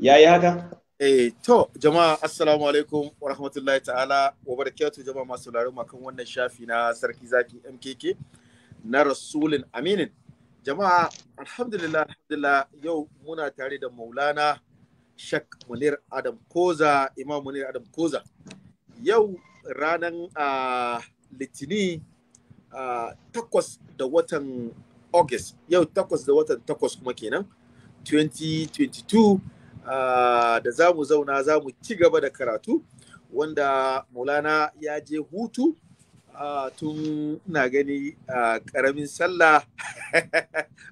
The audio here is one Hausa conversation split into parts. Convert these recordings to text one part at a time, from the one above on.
ya yi haka? Eh, to, jama'a assalamu alaikum wa rahmatullahi ta'ala wa barakatu jama'a masu laru kan wannan shafi na sarki zaki MKK na Rasulun Aminin. Jama'a, alhamdulillah, alhamdulillah yau muna tare da Maulana Shak Munir Adam Koza, Imam Munir Adam Koza. Yau ranar uh, ah, Litini uh, takwas da watan August, yau takwas da watan takwas kuma kenan, 2022 da za mu zauna za mu ci gaba da karatu wanda Maulana ya je hutu tun na gani karamin sallah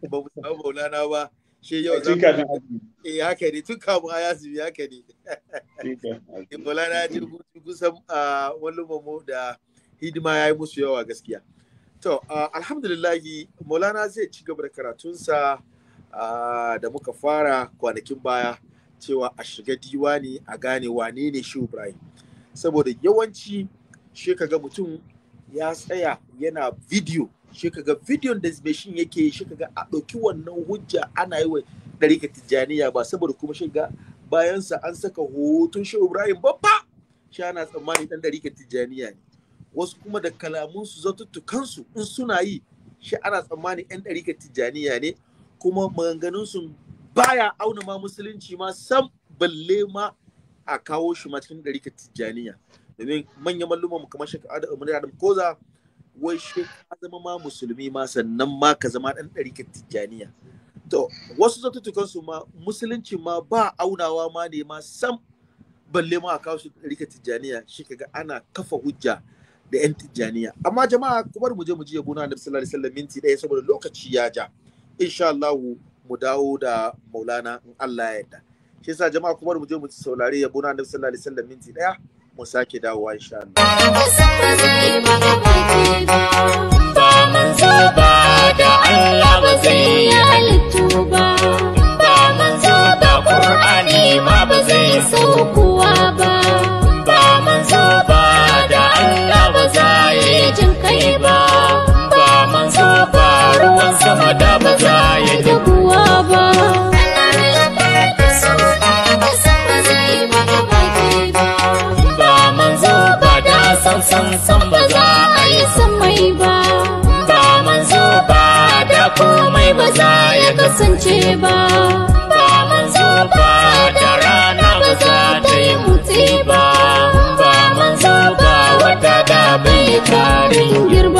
ba mu samu Maulana ba shi yau za eh haka ne tun kamun a yasimi haka ne eh, Maulana ya je hutu kusan wani mamu da hidima ya yi musu yawa gaskiya to alhamdulillahi Maulana zai ci gaba da karatunsa da muka fara kwanakin baya cewa a shiga diwani a gane wane ne shi Ibrahim saboda yawanci shi kaga mutum ya tsaya yana video shi kaga video da shi yake shi kaga a ɗauki wannan hujja ana yi wa ɗarika tijjaniya ba saboda kuma bayan bayansa an saka hoton shi Ibrahim babba shi ana tsammani ɗan ɗarika tijjaniya ne wasu kuma da kalamunsu zatuttukansu in suna yi shi ana tsammani 'yan ɗarikar tijjaniya ne kuma maganganunsu baya auna ma musulunci ma sam balle ma a kawo shi ma cikin ɗari tijjaniya domin manyan mu kamar shek adam koza wai shi ka zama ma musulmi ma sannan ma ka zama ɗan ɗari tijjaniya to wasu zattutukan su ma musulunci ma ba aunawa ma ne ma sam balle ma a kawo shi ɗari tijjaniya shi kaga ana kafa hujja da yan tijjaniya amma jama'a kuma mu je mu ji yabo na annabi sallallahu alaihi wasallam minti ɗaya saboda lokaci ya ja insha Allah mu dawo da maulana in Allah ya yarda shi yasa jama'a kuma mu je mu saurari yabo na annabi sallallahu alaihi wasallam minti daya mu sake dawowa insha Allah ba ba da Allah ba zai halittu ba ba manzo da Qur'ani ma ba zai saukowa ba ba manzo ba da Allah ba zai jin kasance ba ba mun zo ba da rana ba za ta yi mutsi ba ba mun zo ba wata da bai karin girma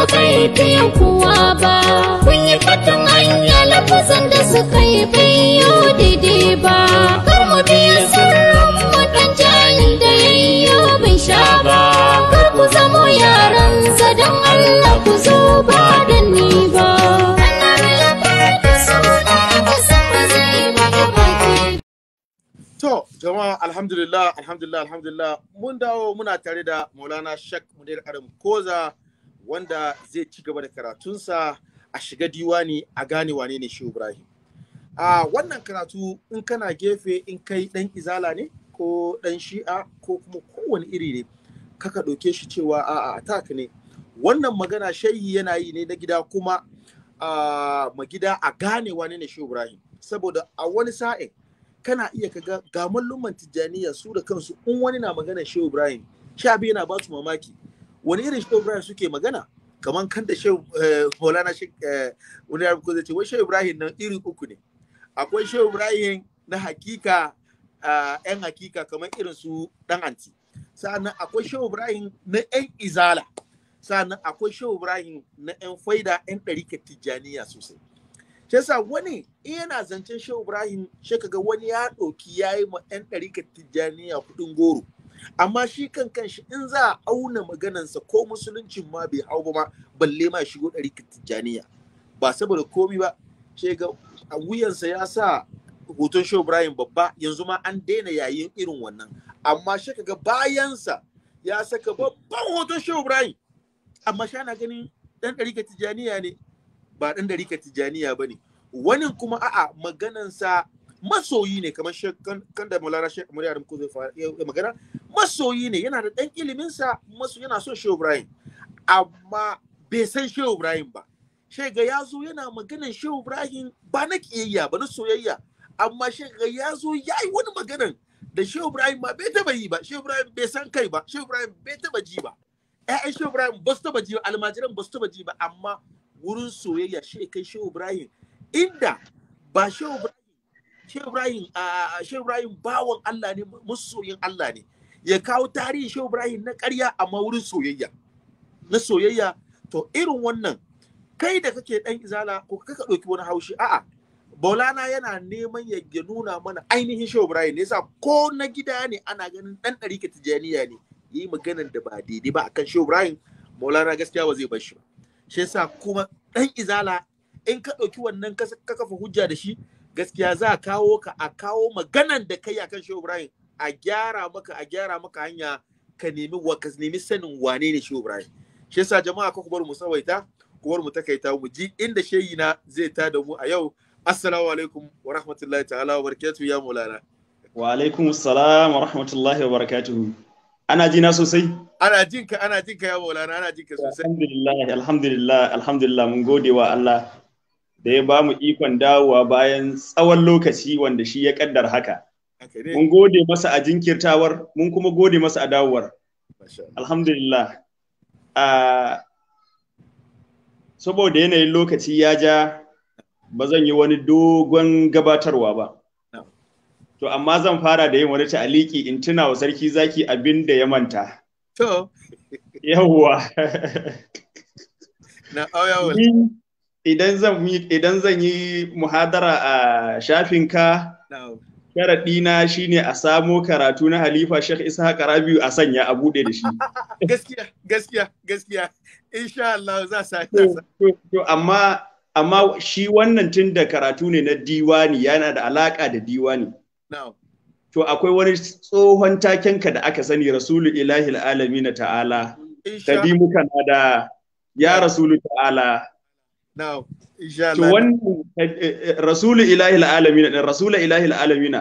su kai biyan kuwa ba kun yi fatan hanya lafazan da suka yi biyo daidai ba kar mu biya sirrin wadan jalin da yayyo bin sha ba kar ku zamo yaran sa don Allah ku zo ba da ni ba To, jama'a alhamdulillah, alhamdulillah, alhamdulillah, mun dawo muna tare da Maulana Sheikh Munir Adam Koza wanda zai ci gaba da karatunsa a shiga diwani a gane wane ne shi Ibrahim. A wannan karatu in kana gefe in kai dan izala ne ko dan shi'a ko kuma kowane iri ne kaka ɗauke shi cewa a'a attack ne. Wannan magana shayi yana yi ne na gida kuma a magida a gane wane ne shi Ibrahim. Saboda a wani sa'in kana iya kaga ga mallum'an tijjaniya su da kansu in wani na magana shi Ibrahim sha biyu yana ba su mamaki wani irin shehu ibrahim suke magana kamar kan da shehu eh, maulana shi eh, wani ya ko zai ce wai shehu ibrahim nan iri uku ne akwai shehu ibrahim na hakika yan ah, hakika kamar irin su dan anti sa'annan akwai shehu ibrahim na yan izala sa'annan akwai shehu ibrahim na yan faida yan ka tijjaniya sosai shi yasa wani in yana zancen shehu ibrahim shi wani ya ɗauki ya yi ma yan ka tijjaniya kuɗin goro amma shi kan kanshi in za a auna maganansa ko musuluncin ma bai hau ba balle ma shigo ɗari tijjaniya ba saboda komi ba sai ga a wuyansa ya sa hoton Shehu Ibrahim babba yanzu ma an daina yayin irin wannan amma shi kaga bayansa ya saka babban hoton Shehu Ibrahim amma shi ana ganin dan ɗarika tijaniya ne ba dan ɗarika tijaniya ba ne wani kuma a'a maganansa masoyi ne kamar kan da malara shek muryar ko zai fara magana masoyi ne yana da ɗan sa masoyi yana so Shehu Ibrahim amma bai san Shehu Ibrahim ba shega ya yana maganan Shehu Ibrahim ba na kiyayya ba na soyayya amma shega ya zo yi wani maganan da Shehu Ibrahim ba bai taba yi ba Shehu Ibrahim bai san kai ba Shehu Ibrahim bai taba ji ba ƴaƴan Shehu Ibrahim ba su taba ji ba almajiran ba su taba ji ba amma wurin soyayya she kai Shehu Ibrahim inda ba Shehu Ibrahim Shehu Ibrahim Shehu Ibrahim bawon Allah ne masoyin Allah ne ya kawo tarihin shehu ibrahim na ƙarya a maurin soyayya na soyayya to irin wannan kai da kake dan izala ko kaka dauki wani haushi a'a Bolana yana neman ya nuna mana ainihin shehu ibrahim ne yasa ko na gida ne ana ganin dan ɗari tijaniya ne yi maganar da ba daidai ba akan shehu ibrahim Bolana gaskiya ba zai bar shi ba shi yasa kuma dan izala in ka ɗauki wannan ka kafa hujja da shi gaskiya za a kawo ka a kawo maganan da kai akan shehu ibrahim a gyara maka a gyara maka hanya ka nemi wa ka nemi sanin wane ne shehu ibrahim shi yasa jama'a ka kubar mu sawaita kubar mu takaita mu ji inda shehi na zai ta da mu a yau assalamu alaikum wa rahmatullahi ta'ala wa barakatuhu ya maulana wa alaikum assalam wa rahmatullahi wa barakatuhu ana ji na sosai ana jin ka ana jin ka ya maulana ana jin ka sosai alhamdulillah alhamdulillah alhamdulillah mun gode wa Allah da ya bamu ikon dawowa bayan tsawon lokaci wanda shi ya kaddar haka Mun gode masa a jinkirtawar, mun kuma gode masa a dawowar. Alhamdulillah. Saboda yanayin lokaci ya ja, ba zan yi wani dogon gabatarwa ba. To, amma zan fara da yin wani ta'aliki in tuna wa sarki zaki abin da ya manta. To. Yawwa. Na oh, Idan zan yi muhadara a shafinka, sharaɗi na shi ne a samo karatu na Halifa Sheikh Ishaq Karabi a sanya a bude da shi. Gaskiya, gaskiya, gaskiya. Insha Allah za sa To amma amma shi wannan tun da karatu ne na diwani yana da alaka da diwani. To akwai wani tsohon takenka da aka sani Rasulu Ilahi Alamin ta'ala. Kadimu na da ya Rasulu ta'ala. to wannan eh, eh, eh, rasulu ilahi alamin din rasulu ilahi alamin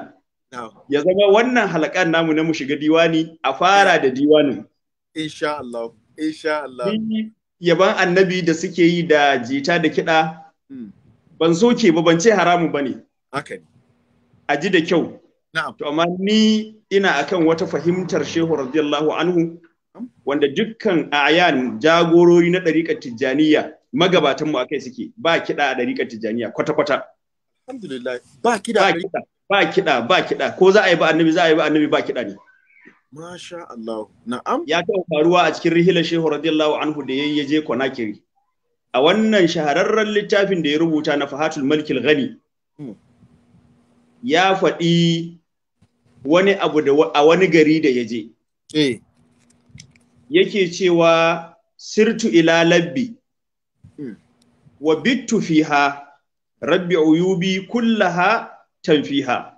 ya zama wannan halakan namu na mu shiga diwani a fara da diwanin insha Allah insha Allah yaban annabi da suke yi da jita da kiɗa hmm. ban so ke ba ban ce haramun bane haka a ji da kyau to amma ni ina akan wata fahimtar shehu radiyallahu anhu wanda dukkan ayan jagorori na ɗariƙar tijjaniya magabatan mu akai suke ba kiɗa a dariƙar tijaniya kwata-kwata alhamdulillah ba kiɗa ba kiɗa ba kiɗa ko za a yi ba annabi za a yi ba annabi ba kiɗa ne Masha Allah. Na'am. Ya taɓa faruwa a cikin rihilar Shehu radiyallahu anhu da ya je Konakiri. A wannan shahararren littafin da ya rubuta na Fahatul Malkil Gani. Hmm. Ya faɗi wani abu da a wani gari da ya je. Eh. Yake cewa sirtu ila labbi wa bittu fiha rabbi uyubi kullaha tanfiha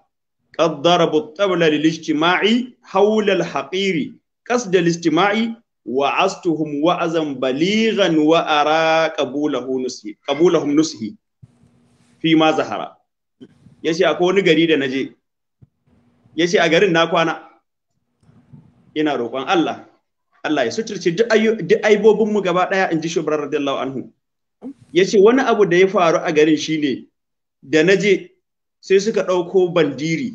qad darabu at-tabla lil ijtima'i hawla al-haqiri qasd al-ijtima'i wa'astuhum azam balighan wa ara qabulahu nushi qabulahum nushi fi ma zahara yace akwai wani gari da naje yace a garin na kwana ina roƙon Allah Allah ya suturce duk aibobin mu gaba daya inji Shubra radiyallahu anhu ya ce wani abu da ya faru a garin shine da na je sai suka ɗauko bandiri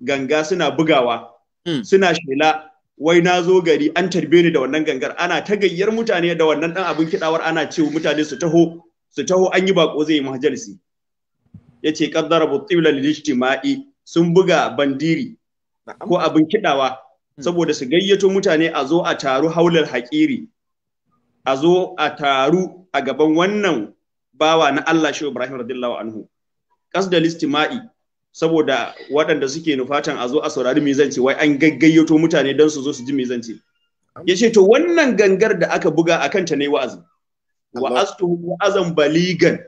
ganga suna bugawa hmm. suna shela wai na zo gari an tarbe ni da wannan gangar ana ta gayyar mutane da wannan ɗan abin kiɗawar ana ce mutane su taho su taho an yi baƙo zai yi majalisi ya ce kaddara butibla lishtima'i sun buga bandiri ko abin kiɗawa hmm. saboda su gayyato mutane a zo a taru haular haƙiri a zo a taru a gaban wannan bawa na Allah shi Ibrahim radiyallahu anhu da listima'i saboda waɗanda suke nufatan a zo a saurari mai zance wai an gaggayyato mutane don su zo su ji mai zance Ya ce to wannan gangar da aka buga a kanta ne wa'azi wa'aztuhu wa'azan baligan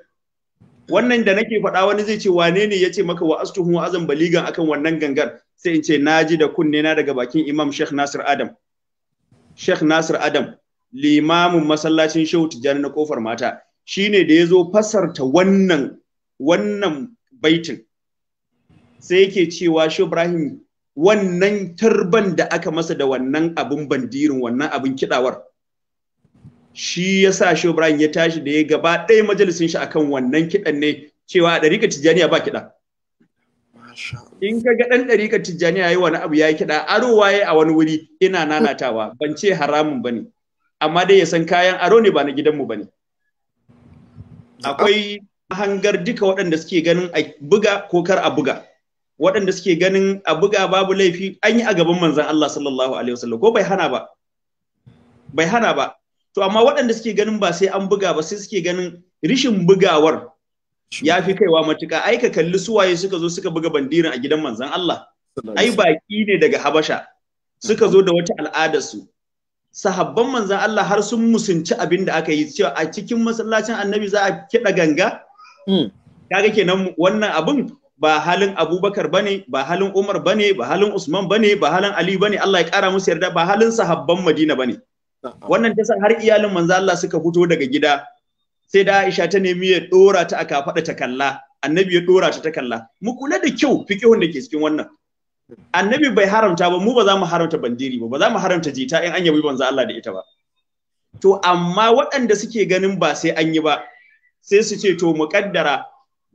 wannan da nake faɗa wani zai ce wane ne ya ce maka wa'aztuhu wa'azan baligan akan wannan gangar sai in ce na ji da kunne na daga bakin Imam Sheikh Nasir Adam Sheikh Nasir Adam limamin masallacin shehu tijjani na kofar mata shine da ya zo fasarta wannan wannan baitin sai yake cewa shi ibrahim wannan tarban da aka masa da wannan abin bandirin wannan abin kidawar shi ya sa shi ibrahim ya tashi da ya gaba ɗaya majalisin shi akan wannan kiɗan ne cewa a ɗarika tijjaniya ba kiɗa in ka ga ɗan ɗarika tijjaniya ya yi wani abu ya yi kiɗa arowa ya a wani wuri ina nanatawa ban ce haramun ba ne amma dai ya san kayan aro ne ba na gidanmu ba ne akwai hangar duka waɗanda suke ganin a buga ko kar a buga waɗanda suke ganin a buga babu laifi an yi a gaban manzan Allah sallallahu alaihi wasallam ko bai hana ba bai hana ba to amma waɗanda suke ganin ba sai an buga ba sai suke ganin rishin bugawar ya fi kaiwa matuƙa ai ka kalli suwaye suka zo suka buga bandirin a gidan manzan Allah ai baƙi ne daga Habasha suka zo da wata al'adar su sahabban manzan Allah har sun musunci abin da aka yi cewa a cikin masallacin annabi za a kiɗa ganga hmm. kaga kenan wannan abin ba halin abubakar bane ba halin umar bane ba halin usman bane ba halin ali bane Allah ya ƙara musu yarda ba halin sahabban madina bane wannan ta har iyalin manzan Allah suka fito daga gida sai da Aisha ta nemi ya dora ta aka faɗa ta kalla annabi ya dora ta ta kalla mu kula da kyau fiqihun da ke cikin wannan annabi bai haramta ba mu ba za mu haramta bandiri ba ba za mu haramta jita in an yabi banza Allah da ita ba to amma waɗanda suke ganin ba sai an yi ba sai su ce to muƙaddara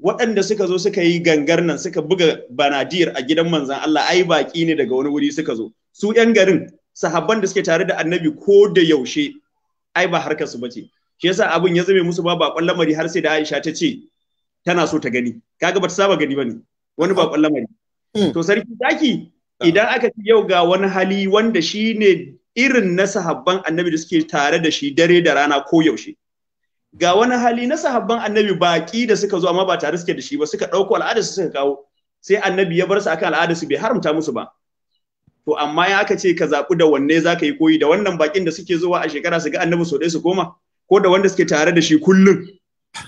waɗanda suka zo suka yi gangar nan suka buga banadir a gidan manzan Allah ai baƙi ne daga wani wuri suka zo su ƴan garin sahabban da suke tare da annabi ko da yaushe ai ba harkar su bace shi yasa abin ya zame musu ba baƙon lamari har sai da Aisha ta ce tana so ta gani kaga bata saba gani bane wani baƙon lamari Hmm. To sarki zaki idan aka ci yau ga wani hali wanda shi ne irin na sahabban annabi da suke tare da shi dare da rana ko yaushe. Ga wani hali na sahabban annabi baki da suka zo amma ba tare suke da shi ba suka ɗauko al'ada su suka kawo sai annabi ya bar su akan al'ada su bai haramta musu ba. To amma ya aka ce ka zaɓi da wanne za ka yi koyi da wannan bakin da suke zuwa a shekara su ga annabi sau su koma ko da wanda suke tare da shi kullum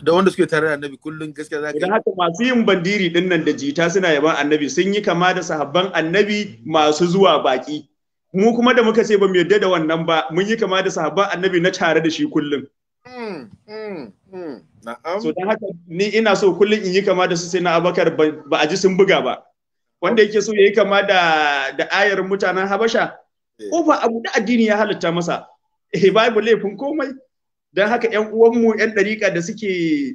da wanda suke tare da annabi kullum gaskiya za ka idan haka masu yin bandiri din nan da jita suna yaban annabi sun yi kama da sahabban annabi masu zuwa baki mu kuma da muka ce ba mu yadda da wannan ba mun yi kama da sahabban annabi na tare da shi kullum hmm, hmm, hmm. so da haka ni ina so kullum in yi kama da su sai na abakar ba a ji sun buga ba wanda yake so ya yi kama da da ayar mutanen habasha eh. ko ba abu da addini ya halitta masa eh babu laifin komai don haka yan uwanmu yan ɗariƙa da suke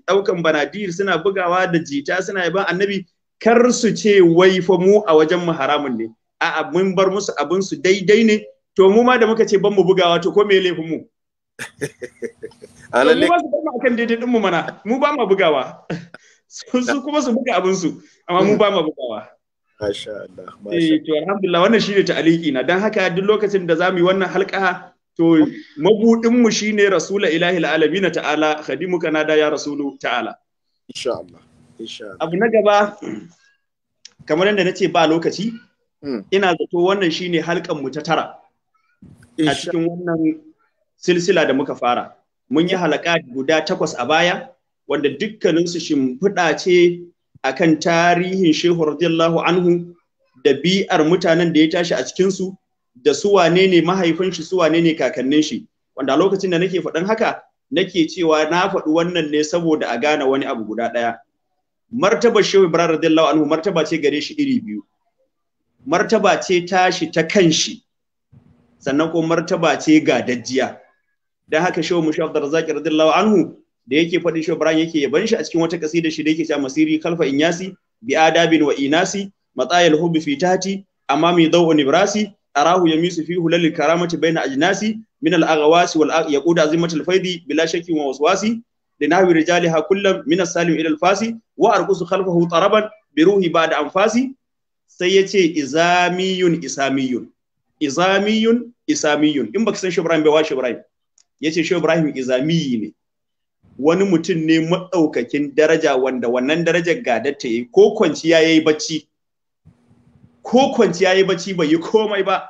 ɗaukan banadir suna bugawa da jita suna yaban annabi kar su ce wai fa mu a wajen mu haramun ne a'a mun bar musu abin su daidai ne to mu ma da muka ce ban mu bugawa to ko me laifin mu mu ba su kama kan daidai din mu mana mu ba mu bugawa su kuma su buga abin su amma mu ba mu bugawa Masha Allah. Eh, to alhamdulillah wannan shine aliki na dan haka duk lokacin da zamu yi wannan halka to mabudin mu shine rasula ilahi alamin ta'ala kana da ya rasulu ta'ala insha Allah insha Allah abu na gaba kamar yadda nace ba lokaci hmm. ina zato wannan shine halkan mu ta tara a cikin wannan silsila da muka fara mun yi halaka guda takwas a baya wanda dukkaninsu shimfiɗa ce akan tarihin shehu radiyallahu anhu da bi'ar mutanen da ya tashi a cikinsu da su wane ne mahaifin shi su wane ne kakannin shi wanda lokacin da nake faɗin haka nake cewa na faɗi wannan ne saboda a gane wani abu guda ɗaya martaba shehu ibrahim radiyallahu anhu martaba ce gare shi iri biyu martaba ce tashi ta kan shi sannan kuma martaba ce ga dajjiya dan haka shehu da abdurrazzaq radiyallahu anhu da yake faɗi shehu ibrahim yake yaban shi a cikin wata kasida shi da yake cewa masiri kalfa inyasi bi adabin wa inasi matsayil hubbi fi tati amami dawu ibrasi arahu misu fi hulal karamati baina ajinasi. min al aghawasi wal yaqud azimat al faidi bila shakki wa waswasi linahwi rijaliha kullum min as salim ila fasi wa arqusu khalfahu taraban bi ruhi da amfasi sai yace izamiyun isamiyun izamiyun isamiyun in baka san shi bai wa shi Ya yace shi izamiyi ne wani mutum ne maɗaukakin daraja wanda wannan darajar gadar ta yi ko kwanciya ya yi bacci ko kwanciya yi bacci bai yi komai ba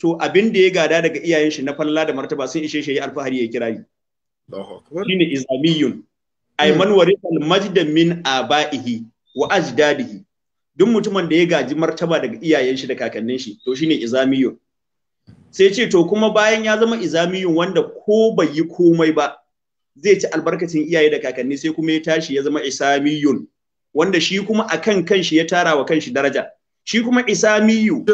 to abin da ya gada daga iyayen shi na falala da martaba sun ishe shi ya alfahari ya kira kirari shine izamiyun ay man warithal min abaihi wa ajdadihi duk mutumin da ya gaji martaba daga iyayen shi da kakannin shi to shine izamiyun sai ce to kuma bayan ya zama izamiyun wanda ko bai yi komai ba zai ci albarkacin iyaye da kakanni sai kuma ya tashi ya zama isamiyun wanda shi kuma akan kanshi ya tara wa kanshi daraja shi kuma isamiyu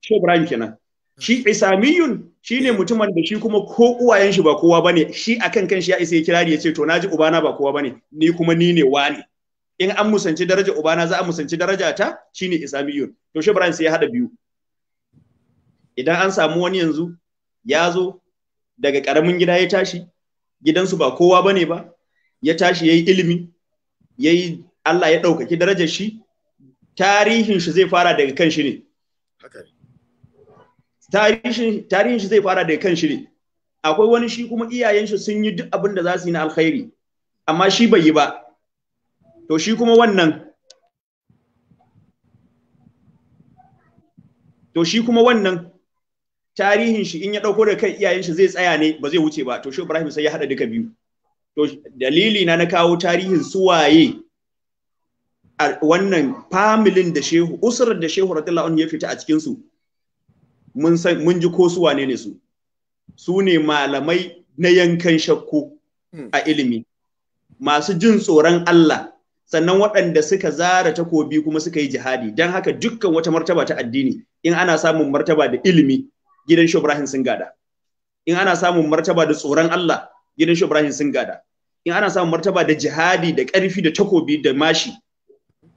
shi ibrahim kenan hmm. shi isamiyun shi ne hmm. mutumin da shi kuma ko uwayen shi ba kowa bane shi akan kan shi ya isa ya kirari ya ce to naji ubana ba kowa bane ni kuma ni ne wani in an musanci daraja ubana za a musanci daraja ta shine isamiyun to shi ibrahim sai ya hada biyu idan an samu wani yanzu ya zo daga karamin gida ya tashi gidansu ba kowa bane ba ya tashi yayi ilimi yayi Allah ya ɗaukaki darajar shi tarihin shi zai fara daga kan shi ne tarihin shi zai fara daga kan shi ne akwai wani shi kuma iyayen shi sun yi duk abin da za su yi na alkhairi amma shi bai yi ba to shi kuma wannan to shi kuma wannan tarihin shi in ya ɗauko da kan iyayen shi zai tsaya ne ba zai wuce ba to shi Ibrahim sai ya haɗa duka biyu to dalili na na kawo tarihin suwaye wannan familin da shehu usurar da shehu radiyallahu anhu ya fita a cikin su mun san mun ji ko su wane ne su su ne malamai na yankan shakku hmm. a ilimi masu jin tsoron Allah sannan waɗanda suka zara takobi kuma suka yi jihadi don haka dukkan wata martaba ta addini in ana samun martaba da ilimi gidan Ibrahim sun gada in ana samun martaba da tsoron Allah gidan Ibrahim sun gada in ana samun martaba da jihadi da ƙarfi da takobi da mashi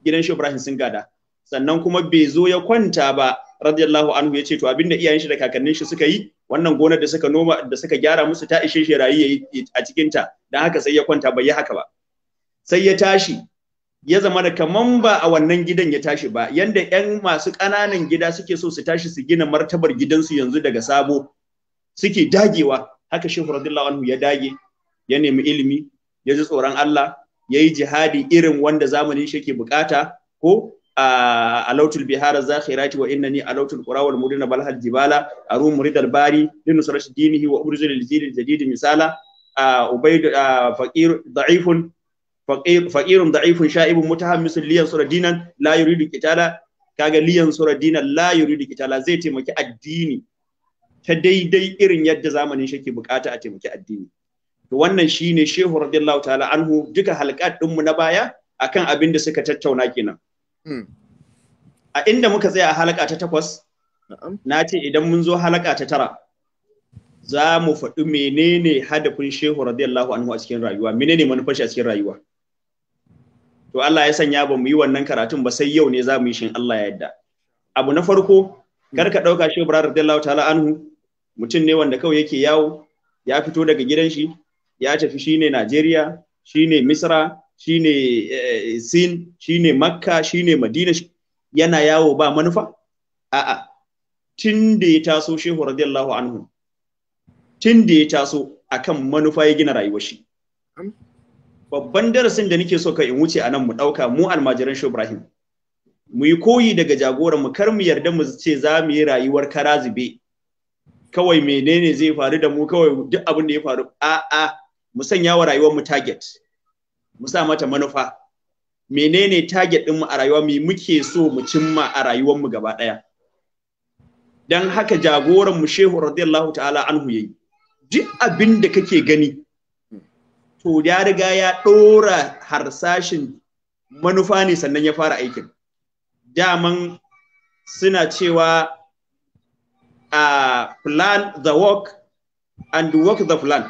gidan shi Ibrahim sun gada sannan kuma bai zo ya kwanta ba radiyallahu anhu ya ce to abinda iyayen shi da kakannin shi suka yi wannan gonar da suka noma da suka gyara musu ta ishe shi rayi a cikin ta dan haka sai ya kwanta bai yi haka ba sai ya tashi ya zama da kaman ba a wannan gidan ya tashi ba yanda yan masu ƙananan gida suke so su tashi su gina martabar gidansu yanzu daga sabo suke dagewa haka shehu radiyallahu anhu ya dage ya nemi ilimi ya ji tsoron Allah ya yi jihadi irin wanda zamanin shi ke bukata ko a lautul bihar zakhirati wa innani a lautul qura wal mudina bal hal jibala arum muridal bari din dinihi wa urzil lil zil jadid misala ubayd faqir da'ifun faqir faqirun da'ifun sha'ibun mutahammisun liyan sura dinan la yuridu qitala kaga liyan sura dinan la yuridu qitala zai taimaki addini ta daidai irin yadda zamanin shi ke bukata a taimaki addini to wannan ne shehu radiyallahu ta'ala anhu duka halkat dinmu na baya akan abin da suka tattauna kenan hmm. a inda muka tsaya a halaka ta takwas na ce idan mun zo halaka ta tara za mu faɗi menene hadafin shehu radiyallahu anhu a cikin rayuwa menene manufar shi a cikin rayuwa to Allah ya sanya ba mu yi wannan karatun ba sai yau ne za mu yi shin Allah ya yarda abu na farko kar ka ɗauka shehu radiyallahu ta'ala anhu mutum ne wanda kawai yake yawo ya fito daga gidan shi ya tafi shine Najeriya shine Misra shine ne eh, Sin shine Makka shine Madina yana yawo ba manufa a'a tun da ya taso Shehu radiyallahu anhu tun da ya taso akan manufa ya gina rayuwar shi babban darasin da nake so ka in wuce a nan mu ɗauka mu almajiran Shehu Ibrahim mu yi koyi daga jagoran mu kar mu yarda mu ce za mu yi rayuwar kara zube kawai menene zai faru da mu kawai duk abin da ya faru a'a mu sanya wa rayuwar mu target mu sa mata manufa menene target din mu a rayuwa mu muke so mu cimma a rayuwar mu gaba daya dan haka jagoran mu shehu radiyallahu ta'ala anhu yayi duk abin da kake gani to ya riga ya dora harsashin manufa ne sannan ya fara aikin daman suna cewa a ah, plan the work and work the plan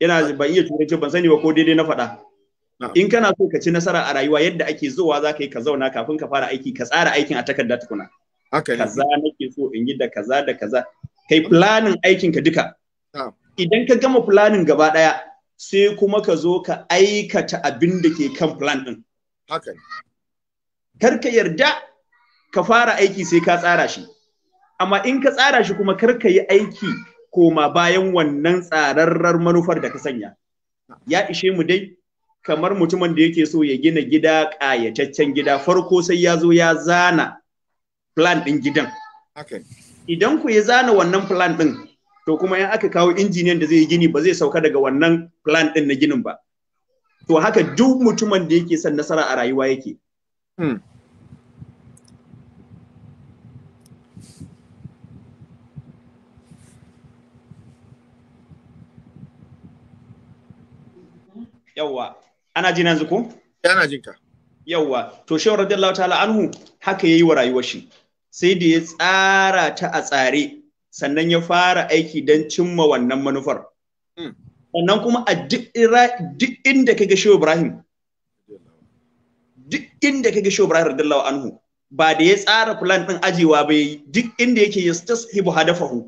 Yana ba iya turanci ban sani ba ko daidai na faɗa in kana so ka ci nasara a rayuwa yadda ake zowa za ka yi ka zauna kafin ka fara aiki ka tsara aikin a takarda tukuna kaza nake so in yi da kaza da kaza kai planning aikin ka duka idan ka gama planning gaba daya sai kuma ka zo ka aikata abin da ke kan plan din haka kar ka yarda ka fara aiki sai ka tsara shi amma in ka tsara shi kuma kar ka yi aiki koma bayan wannan tsararrar manufar da ka sanya ya ishe mu dai kamar mutumin da yake so ya gina gida ƙayataccen gida farko sai ya zo ya zana plan ɗin gidan idan ku ya zana wannan plan ɗin to kuma in aka kawo injiniyan da zai gini ba zai sauka daga wannan plan ɗin na ginin ba to haka duk mutumin da yake son nasara a rayuwa yake hmm. Yawwa, ana jin yanzu ko? Ana jin ka. Yawwa, to shehu radiyallahu ta'ala anhu haka yayi wa rayuwar shi. Sai da ya tsara ta a tsare, sannan ya fara aiki don cimma wannan manufar. Hmm. Sannan kuma a duk inda kaga shehu Ibrahim duk inda kaga shehu Ibrahim radiyallahu anhu ba da ya tsara plan din ajewa ba duk inda yake yastashibu hadafahu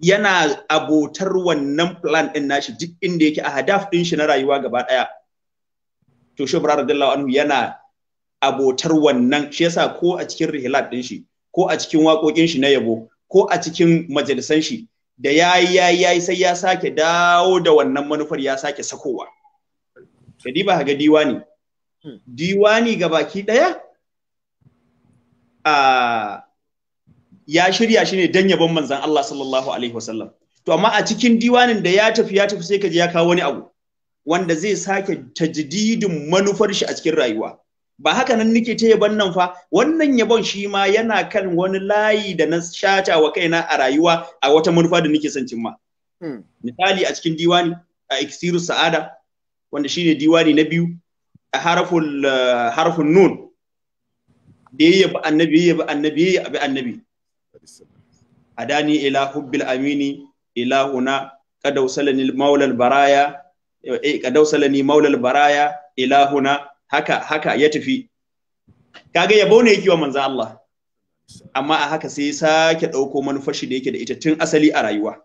yana abotar wannan plan ɗin nashi duk inda yake a hadaf din shi na rayuwa gaba daya to shi radiyallahu anhu yana abotar wannan shi yasa ko a cikin rihilat din shi ko a cikin waƙoƙin shi na yabo ko a cikin majalisan shi da yayi yayi yi sai ya sake dawo da wannan manufar ya sake sakowa kadi ba ga diwani hmm. diwani ga baki ɗaya? a ya shirya shi ne dan yabon manzan Allah sallallahu alaihi wasallam to amma a cikin diwanin da ya tafi ya tafi sai ka ya kawo wani abu wanda zai sake tajdidin manufar shi a cikin rayuwa ba haka nan nake ta yabon nan fa wannan yabon shi ma yana kan wani layi da na shata wa kaina a rayuwa a wata manufa da nike son cimma hmm. misali a cikin diwani a iksiru sa'ada wanda shine diwani na biyu a harafin eh, harfun nun da yayi annabi yayi annabi yayi annabi adani ila hubbil amini ila huna qad maula baraya eh wasalani maula baraya ila huna haka haka ya tafi kaga yabo ne yake wa manzo Allah amma a haka sai ya sake ɗauko manufar shi da yake da ita tun asali a rayuwa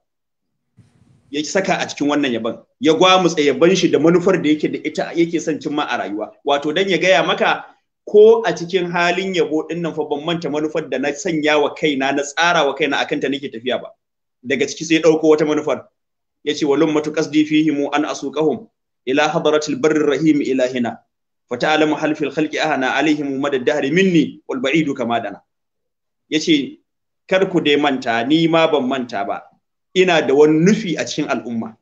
ya saka a cikin wannan yaban ya gwamutsa yaban shi da manufar da yake da ita yake son cimma a rayuwa wato dan ya gaya maka ko a cikin halin yabo din nan fa ban manta manufar da na sanya wa kaina na tsara wa kaina akan ta nake tafiya ba daga ciki sai ɗauko wata manufar yace walum fihi mu an asuqahum ila hadratil barri rahim ilahina ta'lamu hal fil khalqi ahana alaihim madad dahri minni wal ba'idu kama dana yace kar ku dai manta ni ma ban manta ba ina da wani nufi a cikin al'umma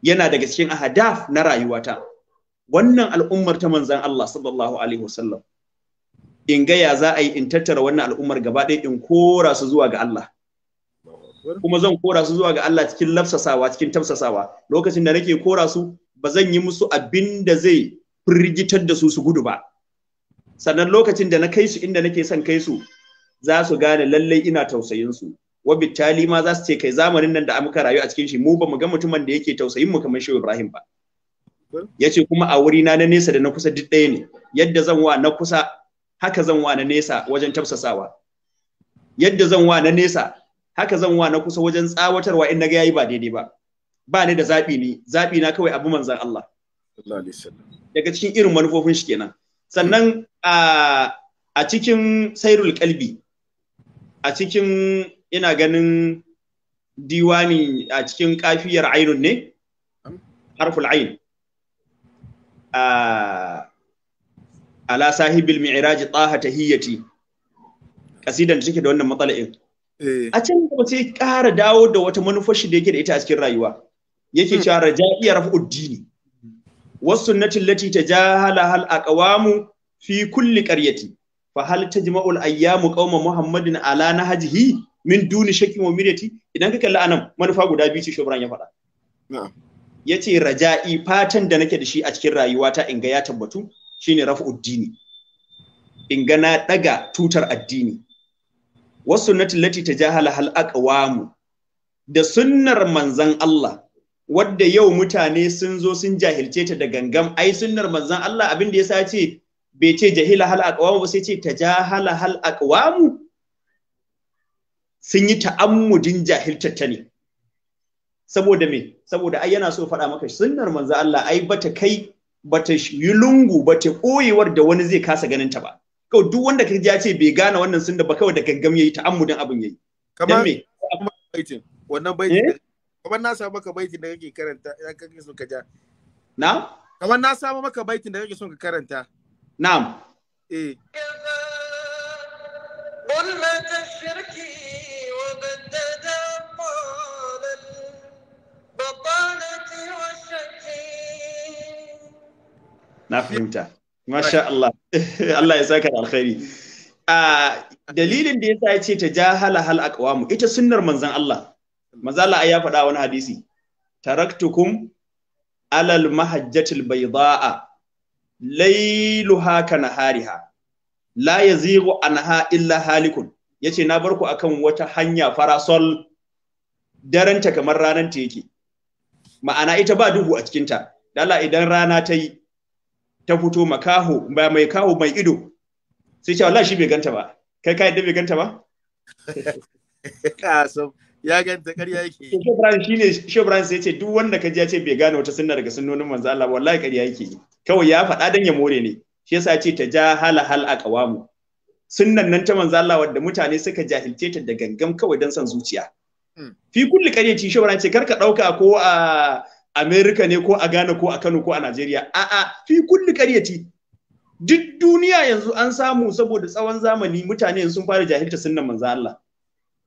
yana daga cikin ahadaf na rayuwata wannan al'ummar ta manzan Allah sallallahu alaihi wasallam in ga ya za a yi in tattara wannan al'ummar gaba ɗaya in kora su zuwa ga Allah kuma zan kora su zuwa ga Allah cikin lafsasawa cikin tafsasawa lokacin da nake kora su ba zan yi musu abin da zai firgitar da su su gudu ba sannan lokacin da na kai su inda nake son kai su za su gane lallai ina tausayin su wabittali ma za su ce kai zamanin nan da muka rayu a cikin shi mu ba mu ga mutumin da yake tausayin mu kamar Shehu Ibrahim ba Ya ce kuma a wuri na nesa da na kusa duk ɗaya ne yadda zan wa na kusa haka zan wa na nesa wajen tafsasawa yadda zan wa na nesa haka zan wa na kusa wajen tsawatarwa in ga yayi ba daidai ba ba ni da zabi ni zabi na kawai abu manzan Allah daga cikin irin manufofin shi kenan sannan a a cikin sairul kalbi a cikin ina ganin diwani a cikin kafiyar ainun ne harful ain ala sahibil mi'raji taha hiyati, kasidan da take da wannan matsala'in eh. a can gaba sai ƙara dawo da wata manufar da yake da ita a cikin rayuwa yake hmm. cewa raja'iya Wasu was ta ja halahal hal aqwamu fi kulli karyati. fa hal ta tajma'ul ayyamu qauma muhammadin ala nahjihi min duni shakki wa idan ka kalli anan manufa guda biyu ce shobran ya faɗa ya ce raja'i fatan da nake da shi a cikin rayuwata in ga ya tabbatu shine raf'uddini in ga na daga tutar addini wasu sunnati lati tajahala hal aqwamu da sunnar manzan Allah wadda yau mutane sun zo sun jahilce ta da gangam ai sunnar manzan Allah abin da yasa ce bai ce jahila hal aqwamu ba sai ce tajahala hal aqwamu sun yi ta'ammudin jahiltar ta ne saboda me saboda ai yana so faɗa maka sunnar manzo Allah ai bata kai bata yi lungu bata koyewar da wani zai kasa ganin ta ba kawai duk wanda kaji ya ce bai gane wannan sunna ba kawai da gaggam yayi ta'ammudin abin yayi kamar me baitin wannan baitin eh? kamar na samu maka baitin da kake karanta idan kake so ka ja na kamar na samu maka baitin da kake so ka karanta na'am eh قلة الشرك وبدد na fahimta masha Allah Allah ya saka alkhairi a dalilin da yasa yace ta jahala hal aqwamu ita sunnar manzon Allah manzon Allah ya faɗa wani hadisi taraktukum alal mahajjatil bayda'a layluha ka nahariha la yazighu anha illa halikun yace na barku akan wata hanya farasol daranta kamar ta yake ma'ana ita ba duhu a cikinta dala idan rana ta yi ta fito makaho ba mai kawo mai ido sai cewa Allah shi bai ganta ba kai ka da bai ganta ba ah, ya ganta ƙarya yake yi shebran shine shebran sai ce duk wanda ka ji ya ce bai gane wata sunna daga sunnonin manzo Allah wallahi ƙarya yake yi kawai ya faɗa dan ya more ne shi yasa ce ta ja hala hal kawamu sunnan nan ta manzo Allah wanda mutane suka jahilce ta da gangam kawai dan san zuciya fi kulli ci shi ce kar ka dauka ko a America ne ko a Ghana ko a Kano ko a Najeriya a'a fi kulli ci duk duniya yanzu an samu saboda tsawon zamani mutane sun fara jahilta sunnan manzo Allah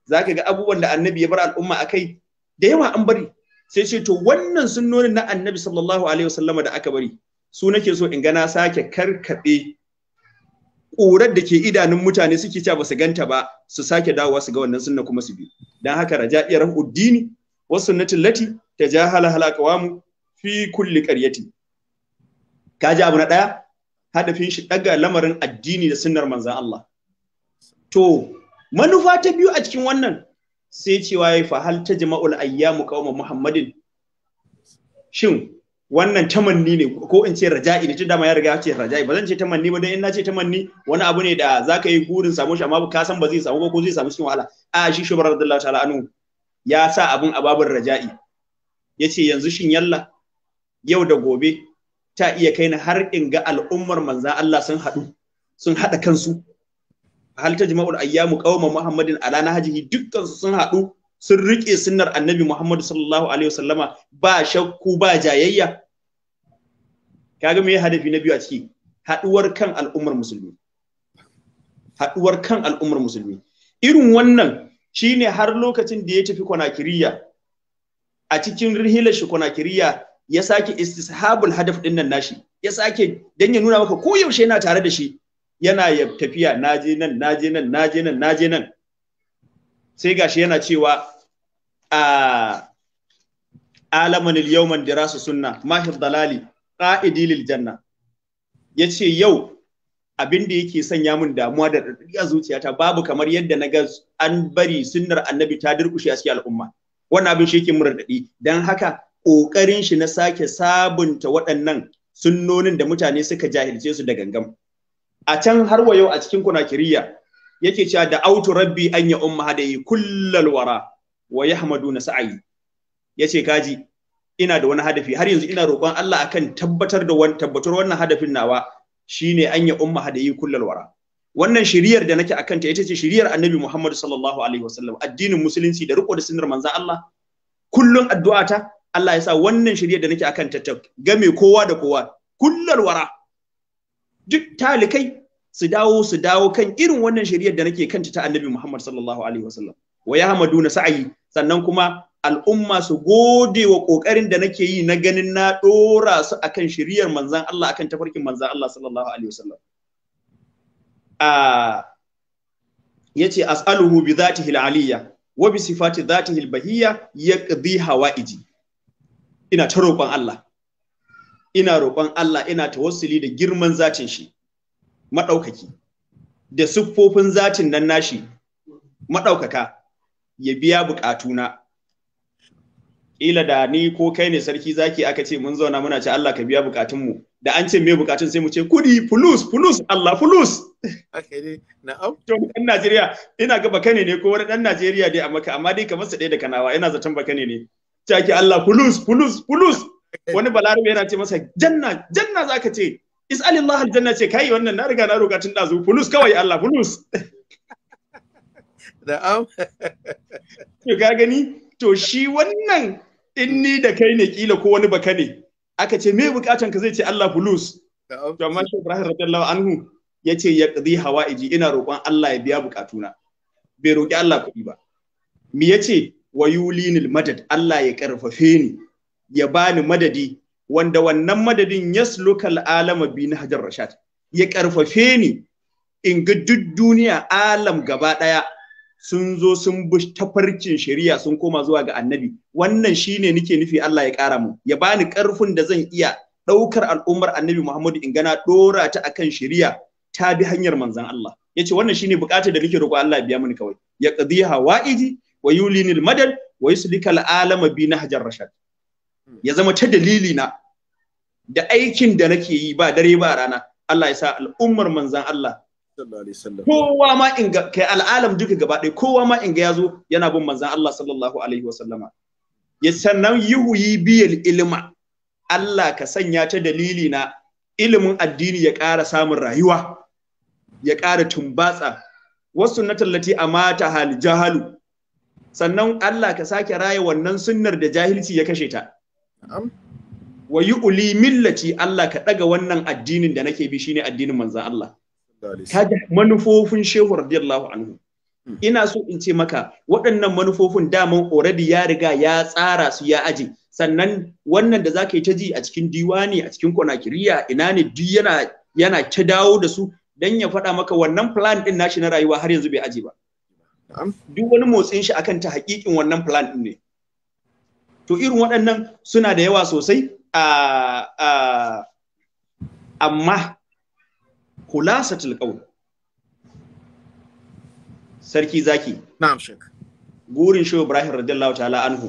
zaka ga abubuwan da annabi ya bar al'umma akai da yawa an bari sai ce to wannan sunnonin na annabi sallallahu alaihi wasallama da aka bari su nake so in ga na sake karkabe ƙurar da ke idanun mutane suke cewa ba su ganta ba su sake dawowa su ga wannan sunna kuma su bi dan haka raja'iyar uddini wa sunnatin lati tajahala mu fi kulli qaryati kaji abu na daya hadafin shi daga lamarin addini da sunnar manzon Allah to manufa ta biyu a cikin wannan sai cewa ya fa hal tajma'ul ayyamu qauma muhammadin shin wannan tamanni ne ko in ce raja'i ne tun dama ya riga ya ce raja'i ba zan ce tamanni ba dan in na ce tamanni wani abu ne da zaka yi gurin samu shi amma ka san ba zai samu ba ko zai samu cikin wahala a shi shubar radallahu ta'ala anu ya sa abun ababin raja'i yace yanzu shin yalla yau da gobe ta iya kai na har in ga al'ummar manza Allah sun haɗu sun haɗa kansu hal ta jama'ul ayyamu qauma muhammadin ala nahjihi dukkan su sun haɗu sun riƙe sunnar annabi Muhammad sallallahu alaihi wasallama ba shakku ba jayayya kaga me hadafi na biyu a ciki haduwar kan al'ummar musulmi haduwar kan al'ummar musulmi irin wannan shine har lokacin da ya tafi konakiriya a cikin rihilar shi konakiriya ya sake istishabul hadaf din nan nashi ya sake dan ya nuna maka ko yaushe yana tare da shi yana ya tafiya naje nan naje nan naje nan naje nan sai gashi yana cewa a ah, alamanil yawman dirasu sunna mahir dalali ƙa'idilil Janna, ya ce yau abin da yake sanya min damuwa da radadi a zuciyata babu kamar yadda na ga an bari sunnar annabi ta durkushe a cikin al'umma wannan abin shi yake min radadi don haka ƙoƙarin shi na sake sabunta waɗannan sunnonin da mutane suka jahilce su da gangam a can har wa yau a cikin kunakiriya yake cewa da autu rabbi an ya umma hadayi kullal wara wa yahmadu na sa'ayi yace kaji ina da wani hadafi har yanzu ina roƙon Allah akan tabbatar da wani tabbatar wannan hadafin nawa shine an ya umma hadayi kullal wara wannan shiriyar da nake akan ta ita ce shiriyar Annabi Muhammad sallallahu alaihi wasallam addinin musulunci da riko da sunnar manzon Allah kullun ta Allah ya sa wannan shiriyar da nake akan ta ta game kowa da kowa kullal wara duk talikai su dawo su dawo kan irin wannan shiriyar da nake kanta ta Annabi Muhammad sallallahu alaihi wasallam wa yahmaduna sa'i sannan kuma al'umma su gode wa ƙoƙarin da nake yi na ganin na ɗora su akan shiriyar manzan Allah akan tafarkin manzan Allah sallallahu alaihi wasallam a yace as'aluhu bi dhatihi aliyya wa bi sifati dhatihi al-bahiyya yaqdi hawaiji ina ta roƙon Allah ina roƙon Allah ina tawassuli da girman zatin shi madaukaki da siffofin zatin nan nashi maɗaukaka, ya biya buƙatuna ila da ni ko kai ne sarki zaki aka ce mun zauna muna ce Allah ka biya bukatun mu da an ce me bukatun sai mu ce kudi fulus fulus Allah fulus aka ne na'am to dan Najeriya ina ga bakane ne ko wani dan Najeriya dai amma amma dai kamar sa da kanawa ina zaton bakane ne take Allah fulus fulus fulus wani balarabe yana ce masa janna janna zaka ce is'alillah aljanna ce kai wannan na riga na roka tun dazu fulus kawai Allah fulus na'am to ka gani to shi wannan in ni da kai ne kila ko wani baka ne aka ce me bukatan ka zai ce Allah bulus to amma shi Ibrahim radiyallahu anhu yace ya qadi hawaiji ina roƙon Allah ya biya bukatuna bai roƙi Allah kuɗi ba mi yace wa yulinil madad Allah ya karfafe ni ya bani madadi wanda wannan madadin yaslukal alama bi na hajar rashad ya karfafe ni in ga duk duniya alam gaba daya sun zo sun bi tafarkin shari'a sun koma zuwa ga annabi wannan shine nake nufi Allah ya kara mu ya bani ƙarfin da zan iya ɗaukar al'ummar annabi Muhammadu in gana ɗorata ta akan shari'a ta bi hanyar manzon Allah yace wannan shine buƙatar da nake roƙo Allah ya biya mini kawai ya qadi wa'idi wa yulinil madad wa yuslika al'alama bi nahjar rashad ya zama ta dalili na da aikin da nake yi ba dare ba rana Allah ya sa al'ummar manzon Allah kowa ma in ga kai al'alam duka gaba ɗaya kowa ma in ga ya zo yana bin manzan Allah sallallahu alaihi sallama ya sannan yuhuyi biyal ilima, Allah ka sanya ta dalili na ilimin addini ya ƙara samun rayuwa ya ƙara tumbatsa wasu na tallati a mata hal jahalu sannan Allah ka sake raya wannan sunnar da jahilci ya kashe ta wa yi uli millaci Allah ka ɗaga wannan addinin da nake bi ne addinin manzan Allah kaji manufofin shehu radiyallahu anhu hmm. ina so in ce maka waɗannan manufofin daman already ya riga ya tsara su ya aje sannan wannan da zaka yi ta ji a cikin diwani a cikin konakiriya ina ne duk yana yana ta dawo da su dan ya faɗa maka wannan plan din nashi na rayuwa har yanzu bai aje ba duk wani motsin shi akan ta haƙiƙin wannan plan din ne to irin waɗannan suna da yawa sosai a amma khulasatul qawl sarki zaki na'am shek gurin shehu ibrahim radiyallahu ta'ala anhu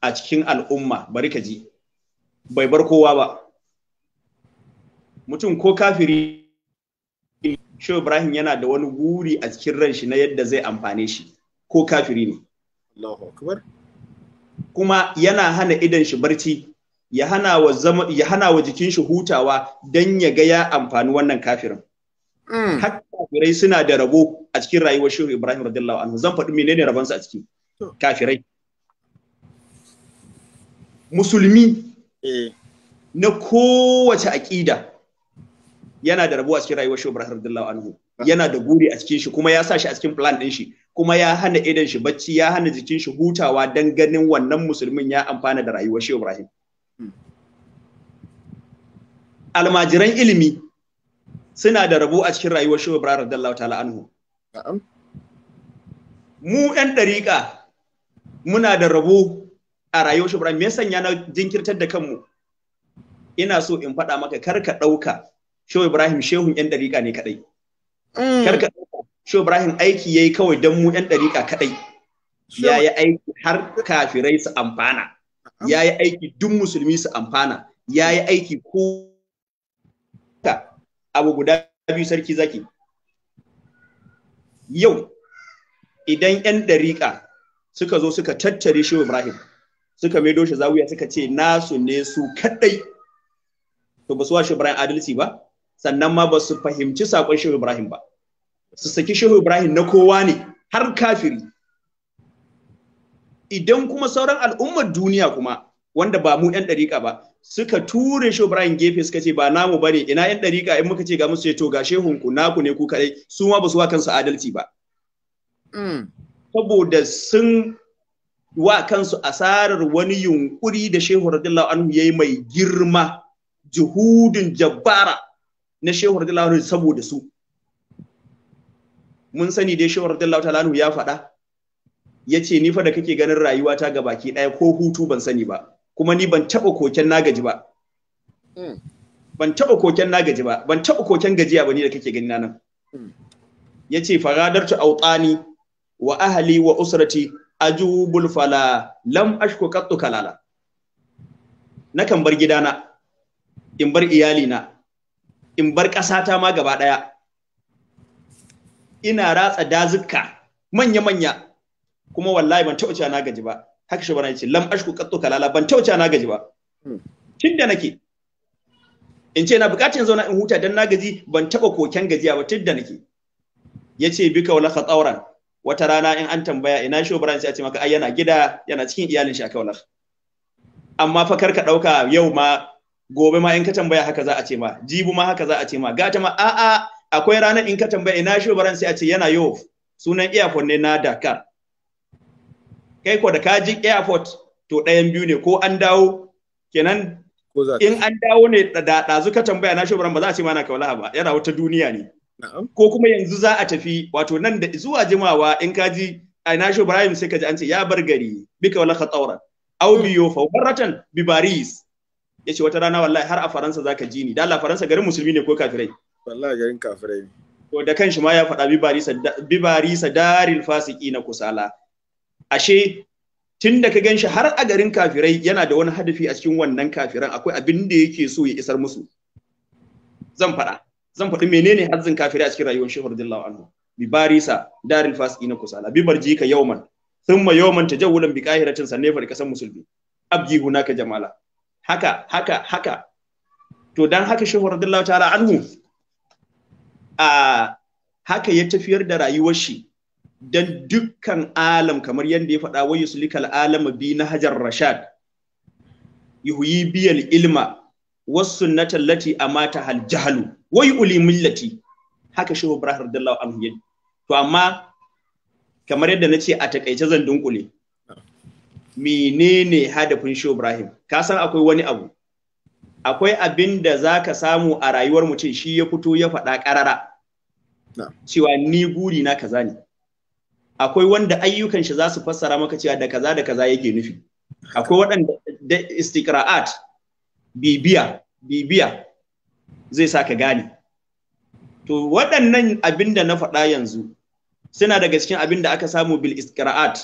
a cikin al'umma bari ka ji bai bar kowa ba mutum ko kafiri shehu ibrahim yana da wani guri a cikin ran shi na yadda zai amfane shi ko kafiri ne Allahu akbar kuma yana hana idan shi barci ya hana wa jikin shi hutawa don ya ga ya amfani wannan kafirin Mm. kafirai suna da rabo a cikin rayuwar shehu ibrahim radiyallahu anhu zan faɗi menene rabonsa a ciki kafirai musulmi eh. na kowace aƙida yana da rabo a cikin rayuwar shehu ibrahim radiyallahu anhu yana da guri a cikin shi kuma ya sa shi a cikin plan ɗin shi kuma ya hana idan shi bacci ya hana jikin shi hutawa don ganin wannan musulmin ya amfana da rayuwar shehu ibrahim hmm. almajiran ilimi suna da rabo a cikin rayuwar shi ibrahim radiyallahu ta'ala anhu mu ɗan ɗariƙa muna da rabo a rayuwar shi ibrahim me sanya na jinkirtar da kanmu ina so in faɗa maka kar ka ɗauka shehu ibrahim shehun ɗan ɗariƙa ne kaɗai mm. kar ka ɗauka shehu ibrahim aiki yayi kawai don mu ɗan ɗariƙa kaɗai ya yi aiki har kafirai su amfana ya yi aiki duk musulmi su amfana ya yi aiki ko abu guda biyu sarki zaki yau idan 'yan ɗariƙa suka zo suka tattare shi Ibrahim suka maido shi zawiya suka ce nasu ne su kaɗai to ba su wa Ibrahim adalci ba sannan ma ba su fahimci saƙon shi Ibrahim ba su saki shi Ibrahim na kowa ne har kafiri idan kuma sauran al'ummar duniya kuma wanda ba mu 'yan ɗariƙa ba suka ture shi Ibrahim gefe suka ce ba namu bane ina yan dariƙa in muka ce ga musu to ga shehun ku naku ne ku kadai su ma ba su wa kansu adalci ba mm. saboda sun wa kansu asarar wani yunkuri da shehu radiyallahu anhu yayi mai girma juhudin jabbara na shehu radiyallahu anhu saboda su mun sani dai shehu radiyallahu ta'ala anhu ya faɗa yace ni fa da kake ganin rayuwata ga baki ɗaya ko hutu ban sani ba kuma ni ban taɓa koken na ba hmm. ban taɓa koken na ba ban taɓa koken gajiya ba ni da kake gani na nan hmm. yace faradartu autani wa ahli wa usrati ajubul fala lam ashku qattu kalala nakan bar gidana in bar iyalina in bar ƙasata ma gaba ɗaya ina ratsa dazuka manya-manya kuma wallahi ban taɓa cewa na ba haka shi bana yace lam ashku qattu kalala ban tauce na gaji ba hmm. tun da nake in ce na bukatun zauna in huta dan na gaji ban taba koken gajiya ba tun da nake yace ka wala khatauran wata rana in an tambaya ina shi bana yace a ce maka ai yana gida yana cikin iyalin shi aka wala amma fa kar ka dauka yau ma gobe ma in ka tambaya haka za a ce ma jibu ma haka za a ce ma gata ma a'a akwai ranar in ka tambaya ina shi bana yace a ce yana yau sunan iyafon ne na Dakar kai ko da kaji airport to ɗayan biyu ne ko an dawo kenan in an dawo ne da ɗazu ka tambaya na shugaban ba za a ce mana kawala ba yana wata duniya ne ko kuma yanzu za a tafi wato nan da zuwa jimawa in kaji a na shugaban sai ka ji an ce ya bar gari bi kawala tsaura au biyo fa waratan bi baris yace wata rana wallahi har a faransa zaka ji ni da Allah faransa garin musulmi ne ko kafirai wallahi garin kafirai ne. to da kanshi ma ya faɗa bi barisa bi barisa daril fasiki na kusala ashe tun da ka ganshi har a garin kafirai yana da wani hadafi a cikin wannan kafiran akwai abin da yake so ya isar musu zan faɗa zan faɗi menene harzin kafirai a cikin rayuwar shehu radiyallahu anhu bi barisa daril fasina kusala bi ka yawman thumma yawman tajawulan bi qahiratin sannefa da kasan musulmi abji hunaka jamala haka haka haka to dan haka shehu radiyallahu ta'ala anhu a haka ya tafiyar da rayuwar shi dan dukkan alam kamar yadda ya faɗa wayu sulikal alama bi na hajar rashad yuhyi biyal ilma was na allati amata hal jahalu wai uli millati haka shehu ibrahim radiyallahu anhu to amma kamar yadda nace a takaice zan dunkule menene hadafin shehu ibrahim ka san akwai wani abu akwai abin da zaka samu a rayuwar mutum shi ya fito ya faɗa ƙarara cewa ni guri na kaza ne akwai wanda ayyukan shi za su fassara maka cewa da kaza da kaza yake nufi akwai waɗanda istiqra'at bibiya bibiya zai sa ka gane to waɗannan abin da na faɗa yanzu suna daga cikin abin da aka samu bil istiqra'at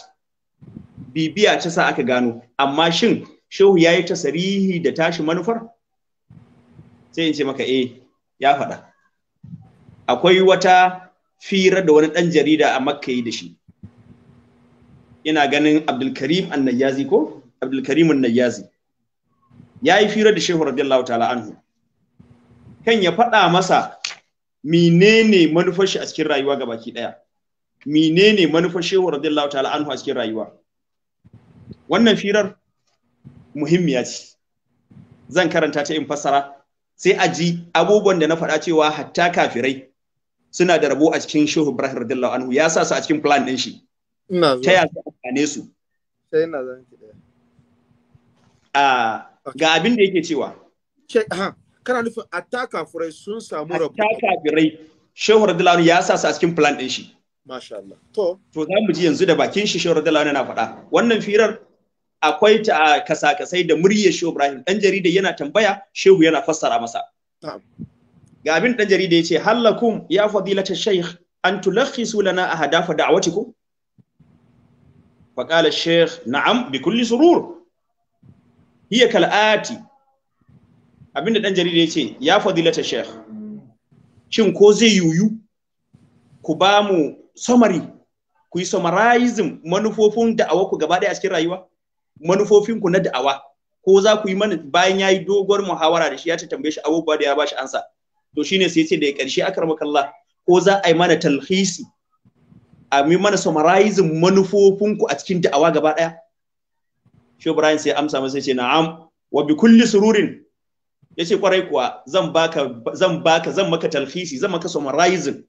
bibiya ta sa aka gano amma shin shehu yayi sarihi da tashi manufar sai in ce maka eh ya faɗa akwai wata fira da wani ɗan jarida a makka yi da shi ina ganin Abdulkarim annayazi ko Abdulkarim annayazi ya yi fira da Shehu radiyallahu ta'ala anhu kan ya faɗa masa menene manufar shi a cikin rayuwa ga baki ɗaya menene manufar Shehu radiyallahu ta'ala anhu a cikin rayuwa wannan firar muhimmiya ce zan karanta ta in fassara sai a ji abubuwan da na faɗa cewa hatta kafirai suna da rabo a cikin shehu ibrahim radiyallahu anhu ya sa su a cikin plan ɗin shi ta ya la'ane su sai na zan ki a ga abin da yake cewa kana nufin atta furai sun samu rabu atta kafirai shehu radiyallahu ya sa su a cikin plan din shi masha Allah to to za mu ji yanzu da bakin shi shehu radiyallahu yana faɗa wannan firar akwai ta kasa-kasai da muryar shehu Ibrahim ɗan jarida yana tambaya shehu yana fassara masa ga abin ɗan jarida ya ce, hallakum ya fadilata shaykh an tulakhisu lana ahadafa da'watikum فقال الشيخ نعم بكل سرور هي كالآتي abinda dan jarida yace ce ya fadilata sheikh shin ko zai yuyu ku ba mu summary ku yi summarizing manufofin da'awa ku gaba ɗaya a cikin rayuwa manufofin ku na da'awa ko za ku yi mana bayan yayi doguwar muhawara da shi ya ta tambaye shi abubuwa da ya bashi ansa to shine sai ce da ya karshe akramaka ko za a yi mana talhisi a mi mana summarizing manufofinku a cikin da'awa gaba ɗaya shi Ibrahim sai amsa masa ce na'am wa bi kulli sururin yace kwarai kuwa zan baka zan baka zan maka talhisi zan maka summarizing